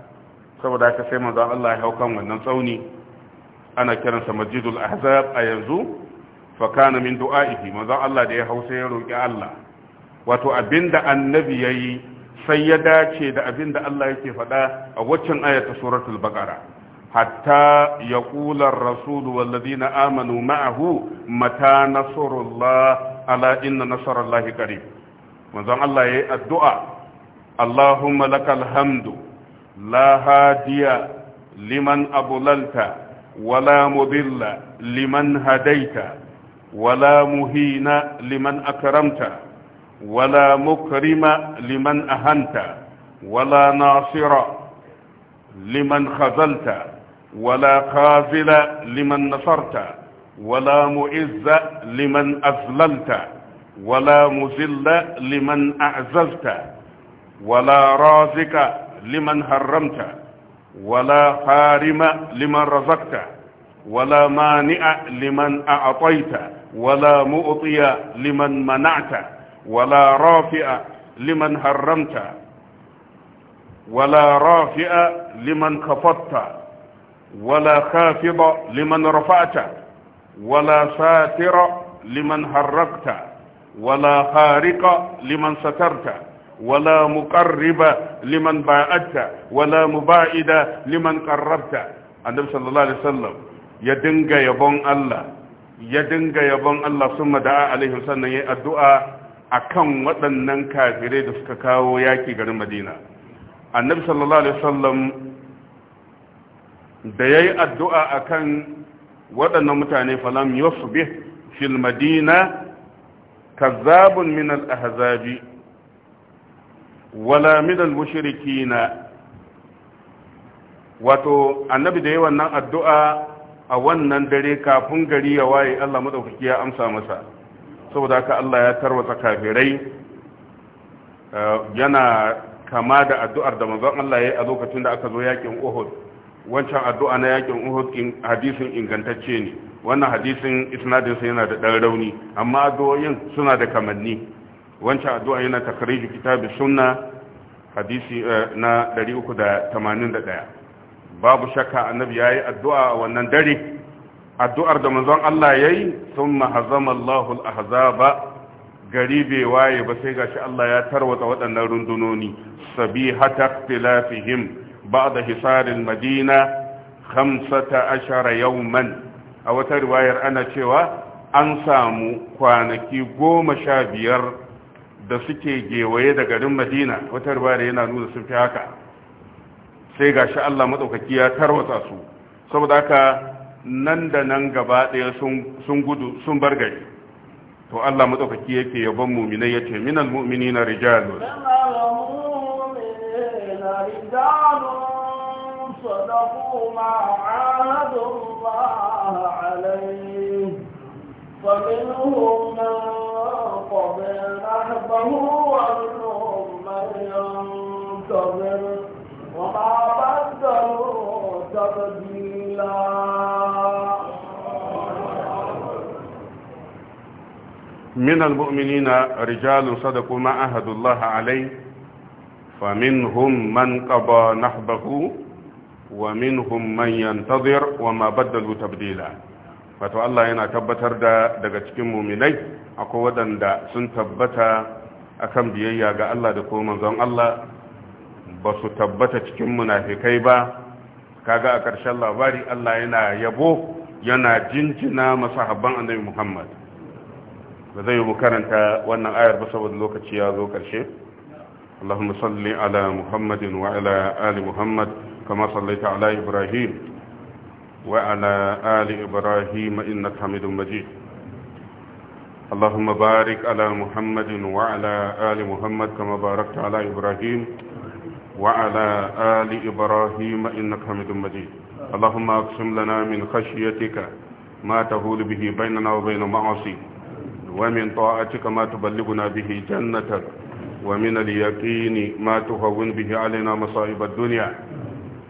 saboda haka sai manzon Allah ya hau kan wannan tsauni ana kiransa Majidul ahzab a yanzu fa kana min du'a'ihi manzon Allah da ya hau sai ya roki Allah wato abinda annabi yayi sai ya dace da abinda Allah yake faɗa a waccan ayata suratul baqara hatta yaqula ar-rasul wal ladina amanu ma'ahu mata nasrullah ala inna nasrallahi qarib manzon Allah yayi addu'a اللهم لك الحمد لا هادي لمن أضللت ولا مضل لمن هديت ولا مهين لمن أكرمت ولا مكرم لمن أهنت ولا ناصر لمن خذلت ولا خاذل لمن نصرت ولا معز لمن أذللت ولا مذل لمن أعززت ولا رازق لمن حرمت ولا حارم لمن رزقت ولا مانع لمن أعطيت ولا مؤطي لمن منعت ولا رافع لمن حرمت ولا رافع لمن خفضت ولا خافض لمن رفعت ولا ساتر لمن حركت ولا خارق لمن سترت ولا مقرب لمن باعدت ولا مباعد لمن قربت النبي صلى الله عليه وسلم يدنج يبون الله يدنج يبون الله ثم دعا عليه وسلم الدعاء akan waɗannan kafirai da suka kawo yaƙi garin madina annabi sallallahu alaihi wasallam da ya yi addu'a a kan waɗannan mutane falam yusbih fil madina kazzabun min al-ahzabi wala mushiriki mushrikina wato annabi da yawan nan addu'a a wannan dare kafin gari ya waye Allah madaukaki ya amsa masa saboda haka Allah ya tarwata kafirai eh, yana kama da addu'ar da manzon Allah yayi a lokacin da aka zo yakin Uhud wancan addu'a na yakin Uhud hadisin ingantacce ne wannan hadisin isnadinsa yana da ɗan rauni amma addu'o'in suna da kamanni wancan addu'a yana takariju kitabin sunna hadisi eh, na 381 babu shakka annabi yi addu'a wannan dare addu'ar da manzon Allah yayi yi sun Allahu al-ahzaba gari bai waye ba sai gashi Allah ya tarwata waɗannan rundunoni sabihata ba da hisarin madina khamsata ashara yawman a wata riwayar ana cewa an samu kwanaki goma sha biyar da suke gewaye da garin madina wata da yana nuna sun fi haka sai ga shi allah maɗaukaki ya tarwatsa su saboda haka nan da nan gaba ɗaya sun gudu sun bar gari to allah maɗaukaki yake yaban muminai ya ce minal mumini na rijalun فمنهم من من المؤمنين رجال صدقوا ما عاهدوا الله عليه فمنهم من قضى نحبه ومنهم من ينتظر وما بدلوا تبديلا wato Allah yana tabbatar da daga cikin muminai akwai waɗanda sun tabbata akan biyayya ga Allah da kuma manzon Allah ba su tabbata cikin munafikai ba kaga a ƙarshen labari Allah yana yabo yana jinjina masahabban annabi Muhammad ba zai mu karanta wannan ayar ba saboda lokaci ya zo ƙarshe اللهم صل على محمد وعلى آل محمد كما صليت على إبراهيم وعلى آل إبراهيم إنك حميد مجيد اللهم بارك على محمد وعلى آل محمد كما باركت على إبراهيم وعلى آل إبراهيم إنك حميد مجيد اللهم أقسم لنا من خشيتك ما تهول به بيننا وبين معاصي ومن طاعتك ما تبلغنا به جنتك ومن اليقين ما تهون به علينا مصائب الدنيا